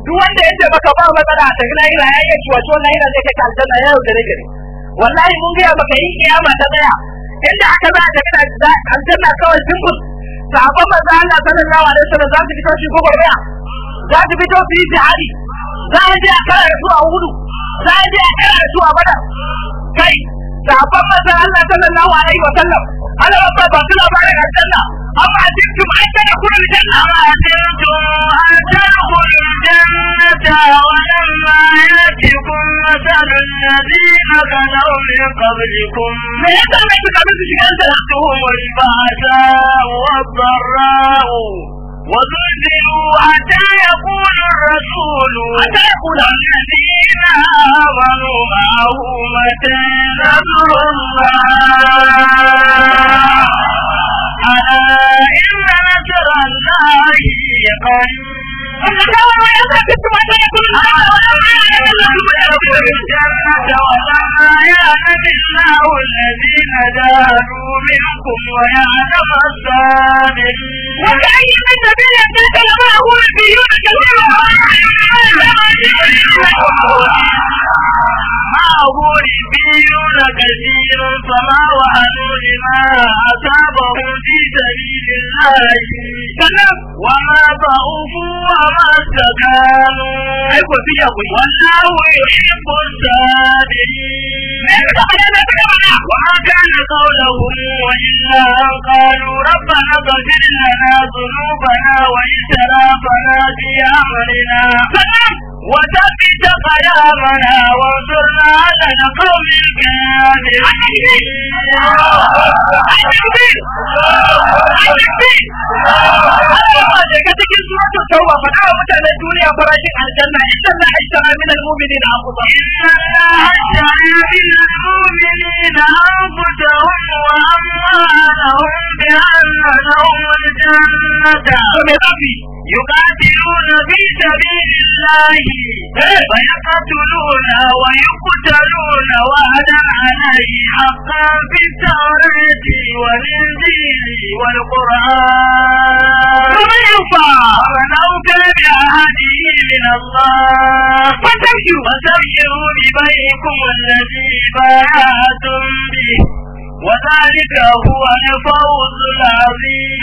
[SPEAKER 1] duk wanda yace maka ba matsala ta gina ila ya yi yake wato na ila zai kai aljanna yau da rage wallahi mun ga maka yi kiyama ta tsaya inda aka za ta gina aljanna kawai dimbul sahabban manzo Allah sallallahu alaihi wasallam za su fito shi gwagwarmaya za su fito su yi jihadi za a je a kara da su a hudu za a je a kara da su a badar kai sahabban manzo Allah sallallahu alaihi wasallam ana rabba ba su labarin aljanna amma jinkum an tadkhulul janna amma jinkum an tadkhulul الجنة ولما يأتكم مثل الذين خلوا من قبلكم من أنزلتهم البأساء والضراء وزلزلوا حتى يقول الرسول حتى يقول الذين آمنوا معه متى نصر الله ألا إن نصر الله قريب الله الذين جاهدوا منكم ويعلم الصابرين وكأي من نبي يبتلك لما أقول البيون كثيرا ما أقول البيون كثيرا فما وهنوا لما أصابهم في سبيل
[SPEAKER 2] الله
[SPEAKER 1] وما ضعفوا ما استكانوا أيكم في يقول والله يحب الصابرين أيوة، أيوة، أيوة، وما كان قولهم وإلا أن قالوا ربنا اغفر لنا ذنوبنا وإسرافنا في أمرنا وثبت قيامنا وانصرنا على القوم الكافرين cikin suratul tauba fa da mutane duniya farashin aljanna inna la ashara min almu'minina anfusahum inna la ashara min almu'minina anfusahum wa amwalahum bi anna lahum aljannata yuqatiluna fi sabilillah فيقتلون ويقتلون وعدا عليه حقا في التوراة والإنجيل والقرآن ومن يطع ولو كان بعهده من الله فتبشروا وتبشروا ببيعكم الذي باعتم به وذلك هو الفوز العظيم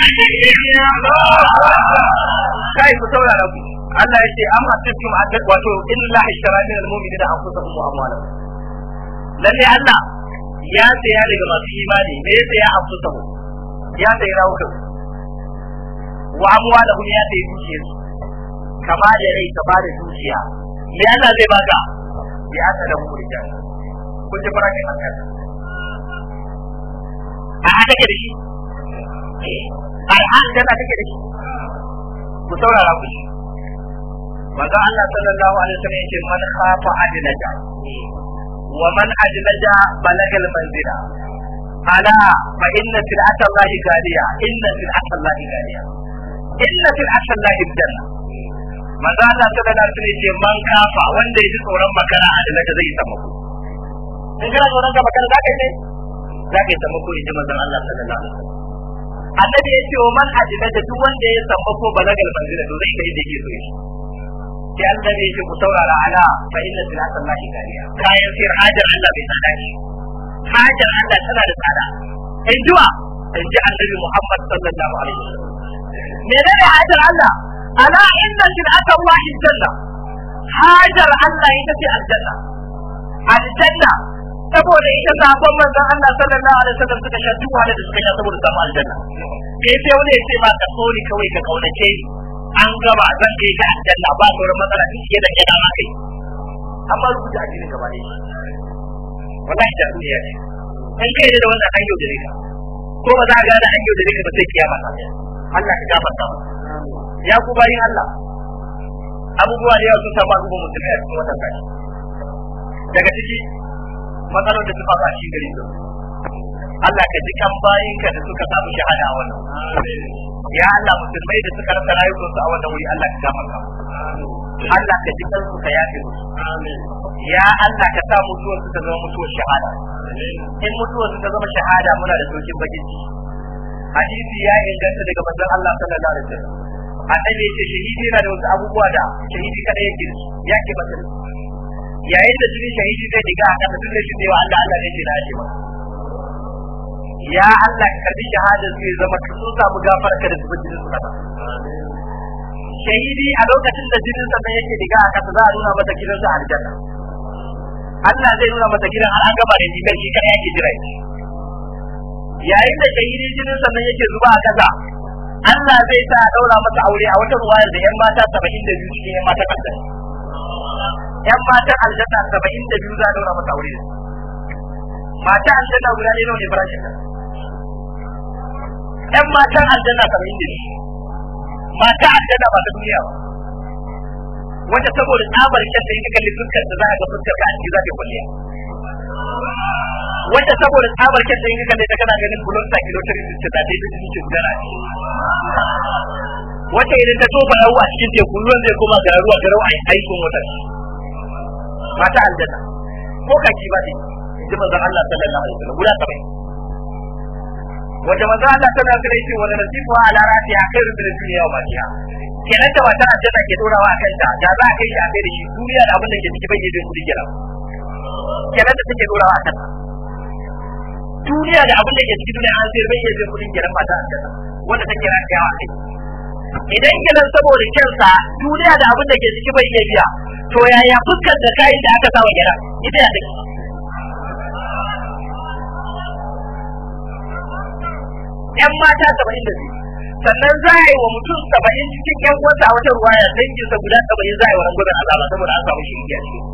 [SPEAKER 1] كيف تولى لكم Allah ce am hasibtum an wato illa ishtara min almu'minina anfusahum wa amwalahum lalle Allah ya saya daga masu imani me ya saya anfusahum ya saya rawukan wa amwalahum ya tsaya dukiyarsu kama da rai ka bada dukiya me Allah zai baka Ya ta da mu rijal kun ji farakin hankali
[SPEAKER 2] a haka da shi eh.
[SPEAKER 1] a haka da kake da shi ku saurara ku shi manzo Allah sallallahu alaihi wasallam yake man khafa adnaja wa man adnaja balaga manzila ala fa inna tilata Allah galiya inna tilata Allah galiya inna tilata Allah janna manzo Allah sallallahu alaihi wasallam yake man kafa wanda yaji tsoron makara adnaja zai samu in kana tsoron ka makara zaka yi zaka yi samu ko inji manzo Allah sallallahu alaihi wasallam annabi yace wa man adnaja duk wanda ya samu ko balagal manzila to zai kai da yake so sai Allah ne ce ku saurara ala fa inna silatan lahi gariya kayan sir hajar Allah bai tsada ne hajar Allah tana da tsada in jiwa in ji annabi Muhammad sallallahu alaihi wasallam menene hajar Allah ala inna silatan lahi janna hajar Allah ita ce aljanna aljanna saboda ita sabon manzon Allah sallallahu alaihi wasallam suka sha duk da suka sha saboda samu aljanna sai sai wani ya ce ma ka tsori kawai ka kaunace ni an gaba zan je ta aljanna ba sauran matsala duk ke da ke dama kai amma rubuta a cikin gaba ne wallahi ta duniya ce in kai da wannan an yau da rika ko ba za ka gane an yau da rika ba sai kiyama ta Allah ka gafarta ya ku bayin Allah abubuwa da yawa sun samu abubuwan musulmi a cikin watan kashi daga ciki matsalar da suka faru a cikin gari Allah ka ji kan ka da suka samu shahada a wannan ya Allah musulmai da suka rasa rayukansu a wannan wuri Allah ka ka. Allah ka ji kansu ka yafe musu ya Allah ka sa mutuwar su ta zama mutuwar shahada in mutuwar su ta zama shahada muna da sokin bakin ciki hadisi ya inganta daga manzon Allah sallallahu alaihi wasallam annabi ya ce shahidi yana da wasu abubuwa da shahidi kada yake ya ke masa yayin da jinin shahidi zai diga a kasa duk da shi ne wa Allah Allah ne ce da shi masa ya Allah ka karbi shahada su zama ka sun samu gafarka da zubar jinin sa shahidi a lokacin da jinin sa nan yake diga a kasa za a nuna masa gidan sa aljanna Allah zai nuna masa gidan har an gaba da shi kai shi kan yake jira yayin da shahidi jinin sa nan yake zuba a kasa Allah zai sa daura masa aure a wata ruwa da yan mata 72 cikin yan mata kasa yan mata aljanna 72 za a daura masa aure mata aljanna guda ne ne farashin ta Yan matan aljanna saba'in da shi mata aljanna ba ta duniya ba wanda saboda tsabar kyanta yi ka kalli fuskar da za a ga fuskar ka a ciki za ka kwalliya wanda saboda tsabar kyanta yi ka kalli ta kana ganin bulon ta kilo ta rinsu ta ta yi bisu ce gudana ce wata idan ta tofa yawo a cikin teku ruwan zai koma ga ruwa ga a yi kun wata mata aljanna ko kaki ba ne in ji manzon Allah sallallahu alaihi wasallam guda saba'in wata maza Allah ta zaka dai cewa nasibu ala rasi a kai rubin duniya wa bakiya kenan ta wata aljanna ke dorawa a kanta da za a kai shi a kai da shi duniya da abinda ke ciki bai yi su kenan kenan da take dorawa a kanta duniya da abinda ke ciki duniya an sayar bai yi kudin kenan mata aljanna wanda take rakiyawa a kai idan kenan saboda kyansa duniya da abinda ke ciki bai iya biya to yaya fuskar da kayan da aka sa wa kenan ita ya take 'yan mata saba'in da biyu sannan za a yi wa mutum saba'in cikin yan wata a wata ruwaya danginsa guda saba'in za a yi wa rangwamen azaba saboda an samu shirki a ciki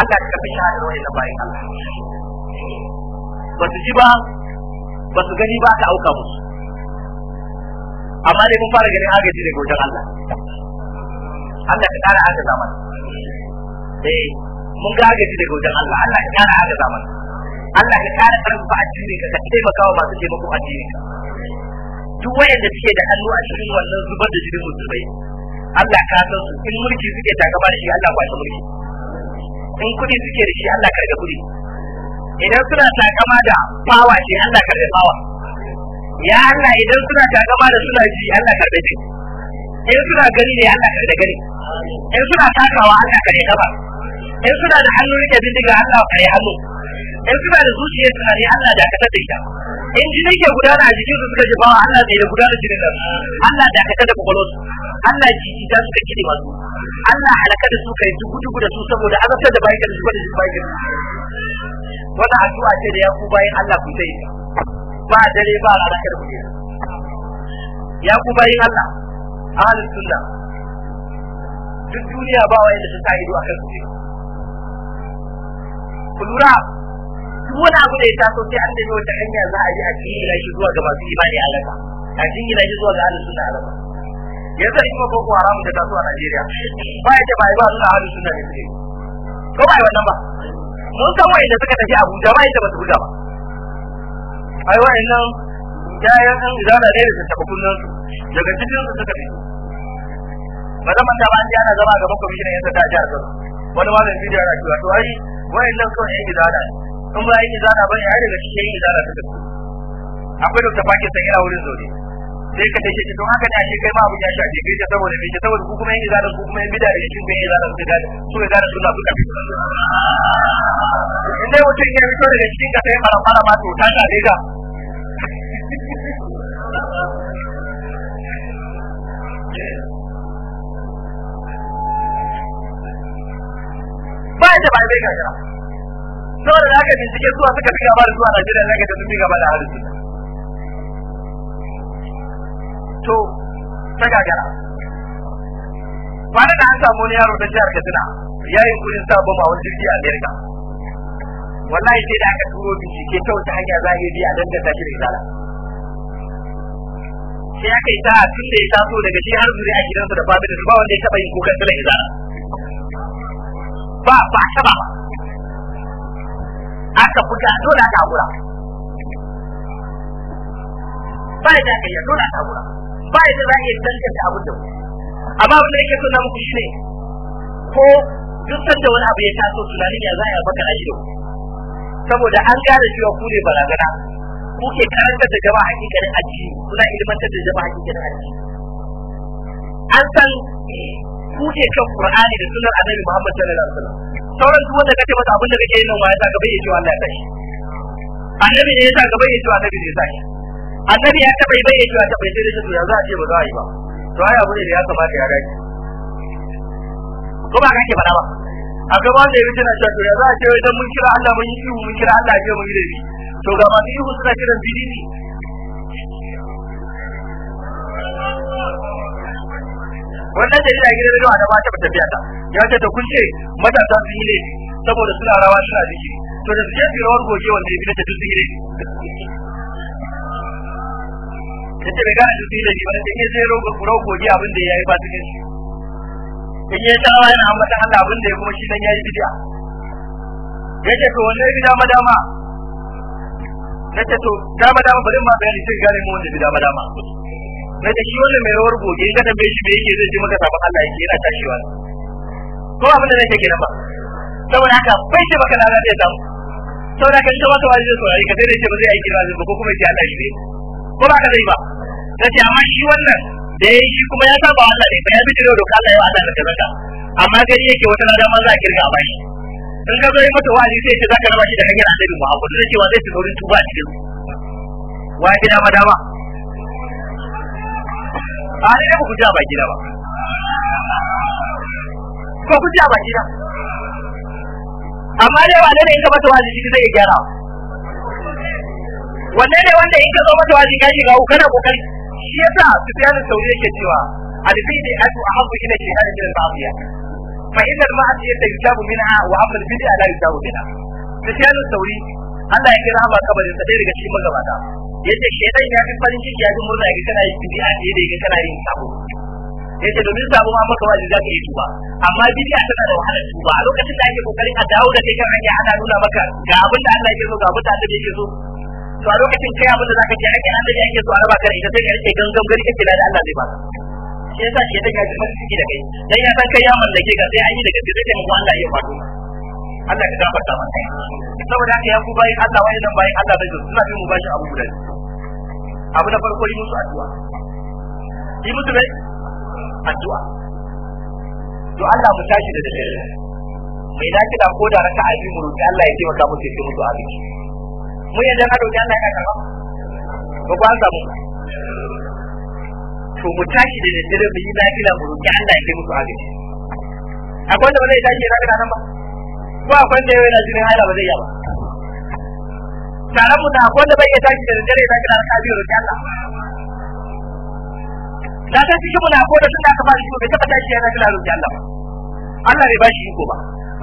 [SPEAKER 1] Allah ka fi shahadar wani na bayan Allah ba su ji ba ba su gani ba ka auka musu amma dai mun fara ganin agaji daga wajen Allah Allah ka ƙara agaza mana eh mun ga agaji daga wajen Allah Allah ka ƙara agaza mana Allah ya kara karfafa addini ka ka taimaka wa masu taimako addini ka duk wayanda suke da hannu a cikin wannan zubar da jinin musulmai Allah ka san su in mulki suke takama da shi Allah ba shi mulki in kuɗi suke da shi Allah karga kuɗi idan suna takama da fawa shi Allah karga fawa ya Allah idan suna takama da suna ji Allah karga ji in suna gani ne Allah karga gani in suna takawa Allah karga kaba in suna da hannu rike bindiga Allah karga hannu in suna da zuciyar suna ne Allah da aka ita in jini ke gudana a jikin su suka ji bawa Allah ne da gudana jinin nan Allah da aka da kwakwalwar su Allah jiji ta su da kidi masu Allah halaka da su kai dubu dubu da su saboda azabtar da bayan da su da bayan wata addu'a ce da ya ku bayan Allah ku sai ba dare ba rana kar ku ya ku bayan Allah ahlus sunna duk duniya ba wanda ta sa ido a kan su ku lura duk wani abu da ya taso sai an nemi wata hanya za a yi a jingina shi zuwa ga masu imani alaka a jingina shi zuwa ga ahlus na alaka yanzu in ko ko haram da taso a Najeriya ba ya ce ba ba Allah ahlus na ne suke ko ba wannan ba mun san wayanda suka tafi Abuja ba yadda ba su buga ba ai wayannan yayan an zana ne da tafi kunnan su daga cikin su suka fito ba da manta ba an ji ana zama ga makwabci ne yadda ta jihar Kano wani malamin bidiyo na cewa to ai wayannan kawai yan gidana ne in ba yin izara bane ai daga cikin yin izara ta tafi akwai da tafake sai ira wurin zaune sai ka tace to haka ne ashe kai ma abin ya shafe kai ta saboda kai ta saboda ku kuma yin izara ku kuma yin bid'a da shin kai izara ta da su izara su na suka fi in dai mutum ya fito daga cikin ka sai mara mara ma to ta ka ga ba da bai bai gagara saboda da aka bincike zuwa suka fi gaba da zuwa Najeriya zaka ga sun fi gaba da ahlus to ta gagara kwana da an samu wani yaro da jihar Katsina ya yi kurin sa bama wani jirgi a Amerika wallahi sai da aka turo bincike ta wata hanya za a yi biya don da ta shi sai aka yi ta tun da ya taso daga shi har zuri a gidansa da babin ba wanda ya taɓa yin kukan da izala ba ba taɓa ba aka buga dole aka hakura ba da kai ya dole aka hakura ba da za a iya tantance abin da amma abin da yake so na muku shine ko duk sanda wani abu ya taso tunanin ya za a baka ajiyo saboda an gane shi ku ne barazana kuke ke karantar da jama'a hakikanin aji kuna ilmantar da jama'a hakikanin aji. an san ku ne kan Qur'ani da sunan Annabi Muhammad sallallahu alaihi wasallam sauran duk wanda kace masa abinda da kake yi nan ma ya sa gaba ya ce Allah ya tashi annabi ne ya sa gaba ya ce annabi ne ya sa annabi ya taba bai ya ce ta bai sai da to a ce ba za a yi ba to ai abu ne da ya kamata ya dace kuma kake fara ba a gaba da yabi na cewa ya yanzu a ce idan mun kira Allah mun yi mun kira Allah ya mun yi da to ga masu ihu suna kiran bidini
[SPEAKER 2] wannan da yana gidan rawa da
[SPEAKER 1] ba ta tafiya ta ya ce da kun ce matasa sun yi ne saboda suna rawa suna jiki to da suke su rawar goge wanda ya fi ta sun yi laifi kace da su sun yi laifi ba da zai kuro goge abin da ya yi ba su kai in ya wani yana ta Allah abin da ya kuma shi dan ya yi Ya ce to wannan ya bid'a madama ce to dama dama bari ma bayani sai gane mu wanda bid'a madama na da shi wannan mai rawar goge in ka tambaye shi me yake zai ji maka sabon Allah yake yana tashiwa ko abin da nake kenan ba saboda haka bai ce baka lalata da samu saboda haka ita wata wajen so ai ka dai ce ba zai aiki razin ba ko kuma ce Allah ne ko ba ka dai ba na ce amma shi wannan da ya shi kuma ya saba Allah ne ba ya bi da doka Allah ya Allah da kaza amma gari yake wata rana ma za a kirga ba shi in ka zo yi mata wa'azi sai ce za ka raba shi da hanyar annabi Muhammad zai ce wa zai ci saurin tuba a cikin wa gida madama a ne ba ku ji a baki na ba ko ku ji a baki na amma dai wane ne in ka mata wazi shi zai gyara wanne ne wanda in ka zo mata wazi ka shiga ku kana kokari shi yasa Sufyan Sauri yake cewa al-bid'i atu ahabbu ila shahadati min al-ma'siyah fa inna al-ma'siyah yujabu minha wa amma al-bid'a la yujabu minha Sufyan Sauri Allah ya kira ba kabarin sa daga cikin magabata yace shedan ya fi farin ciki ya fi murna ga kana yin bid'a ne da ga kana yin sabo yace domin sabo ma maka wajibi zaka yi tuba amma bid'a tana da wahalar tuba a lokacin da ake kokarin a dawo da kai kan hanya ana nuna maka ga abin da Allah yake so ga abin da Allah yake so to a lokacin kai abin da zaka ji ake Allah yake so a raba ka ita sai ka rike gangan gari kace da Allah zai baka shi yasa shedan ya fi farin ciki da kai dan ya san kai ya mallake ka sai an yi daga sai mu Allah ya faɗo Allah ya gafarta masa saboda haka ya ku bayin Allah wani nan bayin Allah bai suna bin mu abu guda abu na farko yi musu addu'a yi musu ne addu'a to Allah mu tashi da dare mai na kida ko da raka a mu roki Allah ya taimaka mu sai mutu abinci mu yanda na roki Allah ya karba ko ba za mu to mu tashi da dare mu yi na kida mu roki Allah ya taimaka mu abinci akwai da wani ya tashi ya raka nan ba ko akwai da yana jinin haila ba zai yi Tare mu mutum akwai da bai iya tashi da dare ta kira alƙabi da roƙi Allah na san cikin mun akwai da tun da aka fara shi bai taɓa tashi yana kira roƙi Allah Allah bai ba shi ko ba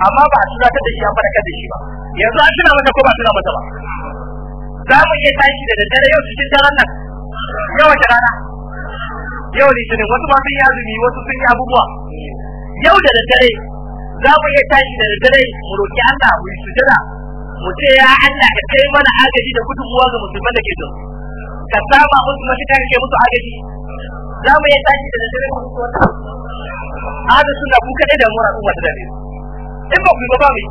[SPEAKER 1] amma ba a tunatar da shi an faɗakar da shi ba yanzu an tuna mata ko ba tuna mata ba za mu iya tashi da daddare yau cikin daren nan yau wace rana yau litinin wasu ma sun yi azumi wasu sun yi abubuwa yau da daddare za mu iya tashi da dare mu roki Allah mu sujada mu ce ya Allah ka kai mana agaji da gudunmuwa ga musulman da ke don ka saba musu mafita ka kai musu agaji za mu iya tashi da dare mu roki wata hada suna da kadai da mu al'umma da dare in ba ku ba ba mu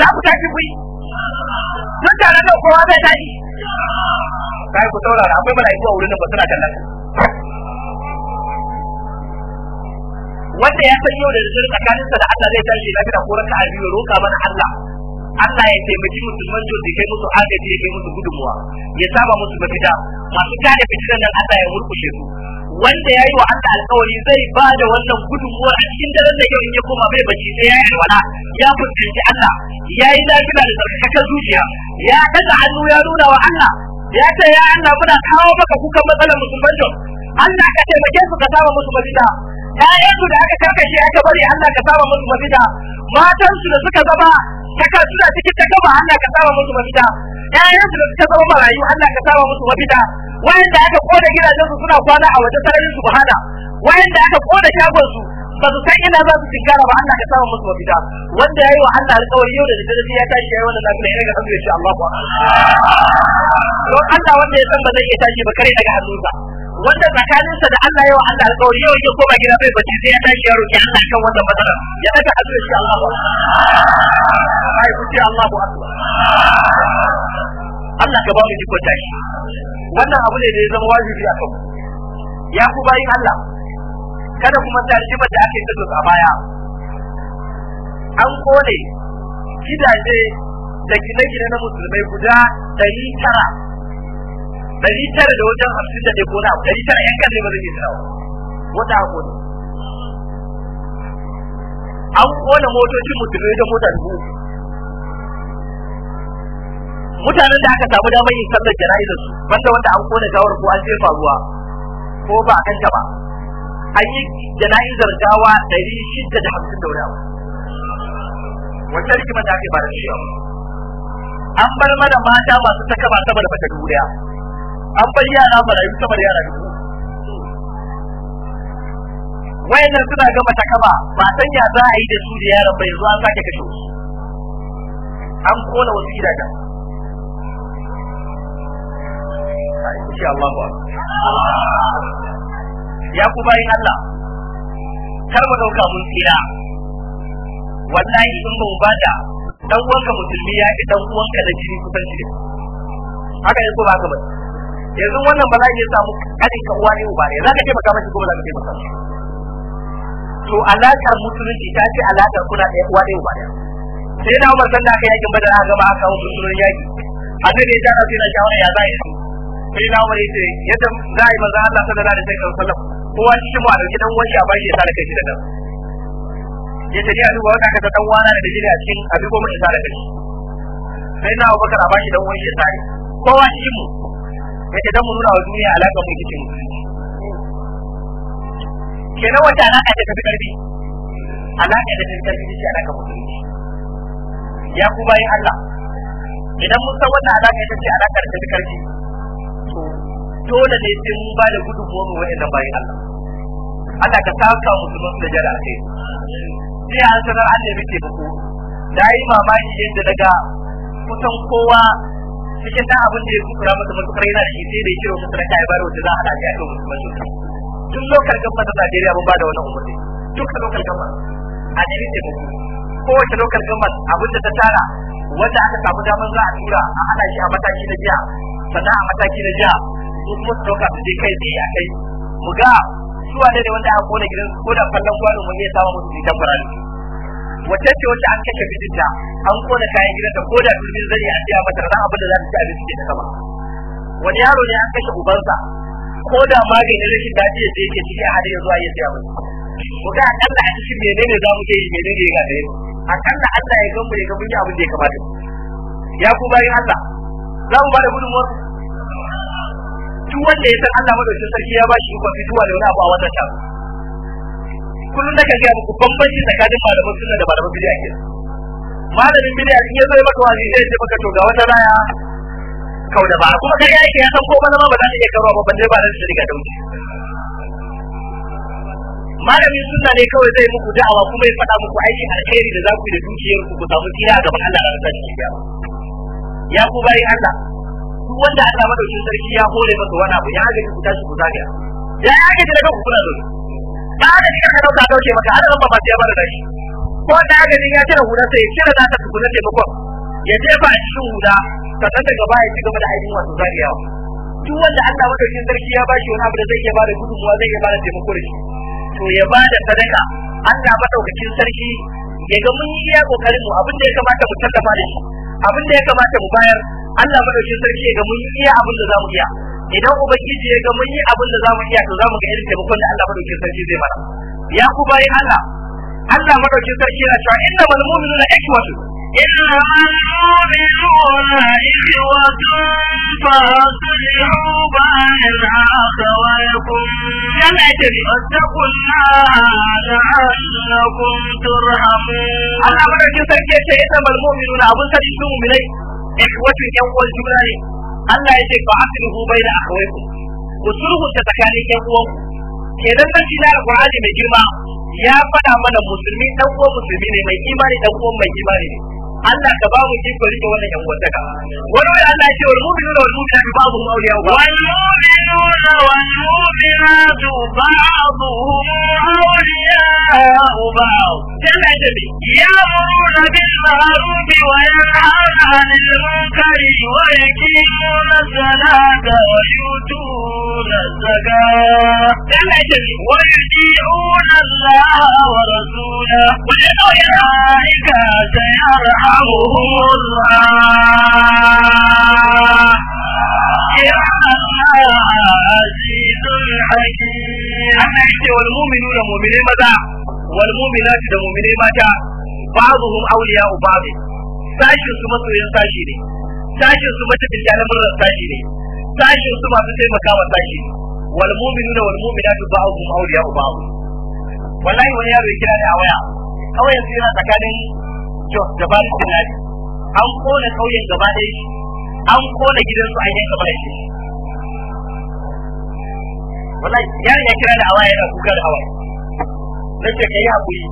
[SPEAKER 1] za ku tashi ku yi mun tare da kowa zai tashi kai ku saurara akwai mala'iku a wurin nan ba suna kallon wanda ya san yau da daddare tsakaninsa da Allah zai tashi lafiya ko raka a biyu roka mana Allah Allah ya taimaki musulman jos ya kai musu agaji ya kai musu gudunmuwa ya saba musu mafita masu kare fitinan nan Allah ya murkushe su wanda ya yi wa Allah alkawari zai ba da wannan gudunmuwar a cikin daren da yau in ya koma bai bacci sai ya yi wala ya fuskanci Allah ya yi lafiya da tsarkakar zuciya ya daga hannu ya nuna wa Allah ya ce ya Allah muna kawo maka kukan matsalar musulman Allah ka taimake su ka saba musu mafita ƴaƴansu da aka karkashe aka bari Allah ka saba musu mafita matansu da suka zama saka suna cikin gaba Allah ka saba musu mafita ƴaƴansu da suka zama marayu Allah ka saba musu mafita wayanda aka koda gidajensu suna kwana a waje sararin subhana wayanda aka koda shagon su ba su san ina za su tinkara ba Allah ka saba musu mafita wanda yayi wa Allah alƙawari yau da daddare ya tashi yayi wannan zakar ya ga hannu ya ce Allah akbar don Allah wanda ya san ba zai iya tashi ba kare daga hannunsa wanda tsakaninsa da Allah yau Allah alƙawari yau yake koma gida bai bace sai ya tashi ya roki Allah kan wannan matsalar ya daga hannu insha Allah ai ku ce Allahu akbar Allah ka ba mu iko tashi wannan abu ne da ya zama wajibi a kanku ya ku bayin Allah kada kuma manta rigimar da ake ta a baya an kone gidaje da gine-gine na musulmai guda ɗari tara dari tara da wajen hamsin da ko na dari tara yan kan ne ba zan yi tunawa wata hakuri an kona motocin musulmai da mota dubu mutanen da aka samu damar yin sallar jana'izar su banda wanda an kona gawar ko an jefa ruwa ko ba a kanta ba an yi jana'izar gawa dari shida da hamsin da wani abu wata rikimar da ake ba da shi an bar mana mata masu ta kama sama da fata duniya an bar yara marayu sama yara dubu wayannan suna ga mata ba san ya za a yi da su da yaran bai zuwa sake kashe su an kona wasu gidajen insha Allah ba ya ku bayin Allah kar mu dauka mun tsira wallahi in ba mu bada dan uwanka musulmi ya ki uwanka da jini kusanci haka yanzu ba ka bane yanzu wannan ba za iya samu kadin ka uwa ne uba ne za ka taimaka mashi kuma za ka taimaka mashi to alaƙar musulunci ta ce alaƙar kuna ɗaya uwa ne uba ne. sai na umar sallah ka yakin badar a gama aka wuce sunan yaki annabi ya ta sai na shawara ya za a yi sai na umar yace yadda za a yi maza Allah sallallahu alaihi wasallam kowa shi mu a ɗauki ɗan wani a bashi ya sare kai da nan ya tafi a duba wanda aka dan wana da dalili a cikin abin goma ya sare kai sai na bakar a bashi dan wani ya sare kowa shi mu yake dan mu nuna wa duniya alaka mu kike kenan wata alaka da tafi karfi alaka da tafi karfi ce alaka musulunci ya ku bayin Allah idan mun san wannan alaƙa ita ce alaka da tafi karfi to dole ne sai mun ba da gudunmuwa mu wa'annan bayin Allah Allah ka saka musulman da jara kai sai an sanar Allah ya muke buku da yi mamaki yadda daga kusan kowa cikin ta abin da ya kukura masa matukar yana da shi sai da ya kiro masa raka ya bayar wanda za a hada ya kuma masu musulmanci Tun lokar gaba ta Najeriya mun bada wannan umarni duk lokar gaba a cikin taimako kowace lokar gaba abin da ta tara wanda aka samu damar za a tura a ana shi a mataki na jiya. sannan a mataki na jiya su kuma su ɗauka su je kai tsaye a kai mu ga su wane ne wanda aka kona gidan ko da kallon kwano mun iya samu musu fitan farali wata ce wacce an kashe fitinta an kona kayan gidan da koda turmin zai an ji mata ran abin da za ta ci abinci ke da kama wani yaro ne an kashe ubansa da maganin rashin daɗi da yake ciki a ya zuwa ya tsaya masa ku ga akalla a shi menene za mu ke yi menene ya a kan da Allah ya gamu ya gamu abin da ya kamata ya ku bayan Allah za mu bada gudunmuwar duk wanda ya san Allah madaukakin sarki ya ba shi ikon fituwa da wani abu a wannan shafi kullum da kaga muku bambanci tsakanin malaman sunna da malaman bid'a ke malamin bid'a in yazo ya maka wazi sai ya maka to ga wata raya kau da ba kuma kai yake ya san ko malama ba za ta iya karwa ba dai ba da su riga da wuce malamin sunna ne kawai zai muku da'awa kuma ya faɗa muku aikin alheri da za ku yi da dukiyar ku ku samu tsira ga Allah da ranar kiyama ya ku bari Allah duk wanda Allah madaukin sarki ya hore maka wani abu ya ga ku tashi ku zagaya ya ya ga daga ku kula da da da kika ka dauka dauke maka har ba ba ta bar da shi ko da ga ya tana hura sai kira za ta tukuna ce ba ya je ba cikin hura ka san daga baya ci gaba da ainihin wasu zariya duk wanda Allah madaukin sarki ya bashi wani abu da zai iya ba da gudunmuwa zai iya bada taimako da shi to ya ba da sadaka Allah madaukakin sarki ya ga mun yi iya kokarin mu abin da ya kamata mu tattafa da shi abin da ya kamata mu bayar Allah madaukin sarki ya ga mun yi iya abin da za mu iya idan ubangiji ya ga mun yi abin da zamu iya to zamu ga irin taimakon da Allah madaukakin sarki zai mana ya ku bayi Allah Allah madaukakin sarki yana cewa inna mal mu'minuna ikhwatu inna al mu'minuna ikhwatu fa aslihu bayna akhawaykum yana ce ni wattaqullaha la'allakum turhamun Allah madaukakin sarki ya ce inna mal mu'minuna abun sarki su mu'minai ikhwatu yan uwan juna ne Allah ya ce fa aslihu baina akhawaykum ku sulhu ta tsakanin ƴan ku kenan dan shi da alqur'ani mai girma ya faɗa mana musulmi dan uwan musulmi ne mai imani dan uwan mai imani ne Allah ka ba mu iko rike wannan yan wadaka wani wani Allah ya ce wal mu'minu wal mu'minatu ba'dhum awliya ba'd wal mu'minu wal mu'minatu ba'dhum awliya ba'd dan da bi ya'muruna bil ma'ruf wa yanhauna 'anil munkari wa yuqimuna salata wa yu'tuna zakata dan da bi wa yu'minuna Allah wa rasulahu wa yu'minuna 'alaika sayarha ترهقهم الآن عزيز حكيم والمؤمنون مؤمنين ماذا والمؤمنات مؤمنين ماذا بعضهم أولياء بعض sashin su masoyin sashi ne sashin su mace bin sashi ne sashin su masu taimaka wa sashi ne wal wal wallahi wani yaro ya kira ni a waya kawai yanzu yana tsakanin Jos da bayan Sinari an kona kauyen gaba ɗaya shi an kona gidansu an yanka bayan shi wallahi yaron ya kira da hawaye yana kuka da hawaye nace kai hakuri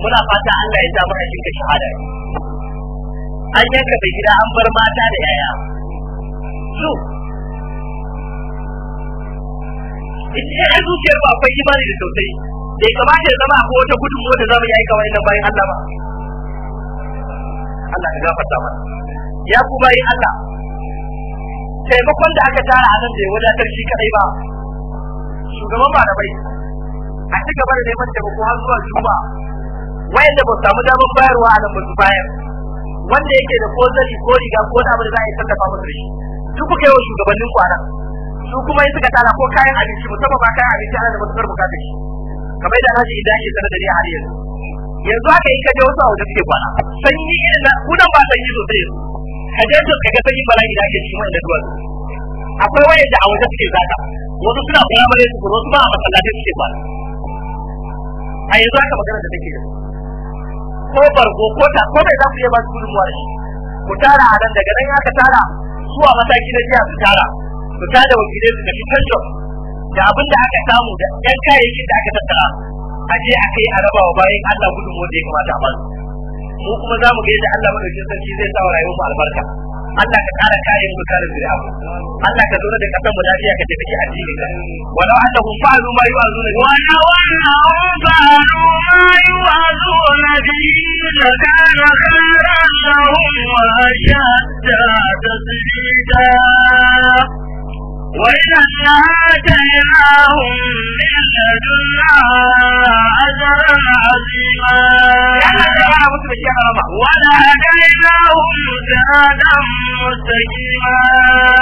[SPEAKER 1] muna fata Allah ya sa mana kinka shahada an yanka bai gida an bar mata da yaya su idan an zuciyar ba akwai imani da sosai bai kamata ya zama akwai wata gudunmuwa da za mu yi wani wannan bayan Allah ba Allah ya gafarta mana ya ku bayi Allah taimakon da aka tara a nan bai wadatar shi kadai ba shugaban ba da bai a ci gaba da neman taimako har zuwa juma wayanda ba samu damar bayarwa a nan ba su bayar wanda yake da ko zari ko riga ko da abin da za a yi tallafa masa da shi duk kuka yi wa shugabannin kwanan su kuma in suka tara ko kayan abinci musamman ba kayan abinci ana da matukar bukatar shi kamar da Alhaji Idan ya sanar da a har yanzu yanzu aka yi ka je wasu waje suke kwana sanyi irin na kudan ba sanyi sosai yanzu ka je to ka ga sanyi bala'i da ake cikin wanda duwatsu akwai waye da a waje suke zaka wasu suna firamare su wasu ba a masallatai suke kwana a yanzu aka magana da take yanzu ko bargo ko ta ko bai za ku iya ba su gudunmuwa da shi ku tara a nan daga nan ya ka tara zuwa mataki na jiya su tara su da wakilai su tafi kanjo da abin da aka samu da yan kayayyakin da aka tattara a je aka yi a wa bayan Allah gudun wanda ya kamata a ba mu kuma za mu ga yadda Allah madaukakin sarki zai sa rayuwar mu albarka Allah ka kara kare mu kare fir'aun Allah ka zauna da kasan mu lafiya ka tafi addinin ka Wala walau annahum fa'alu ma yu'azuna walau annahum fa'alu ma yu'azuna bihi lakana khairan lahum wa ashadda tasbita وإذا آتيناهم من لدنا أجرا عظيما ولهديناهم صراطا مستقيما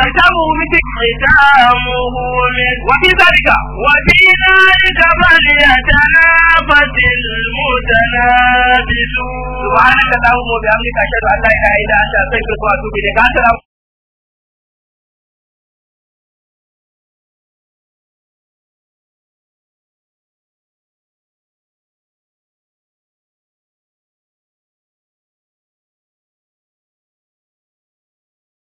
[SPEAKER 1] ختامه مسك ختامه مسك وفي ذلك وفي ذلك فليتنافس المتنافسون سبحانك اللهم وبحمدك أشهد أن لا إله إلا أنت أستغفرك وأتوب
[SPEAKER 2] إليك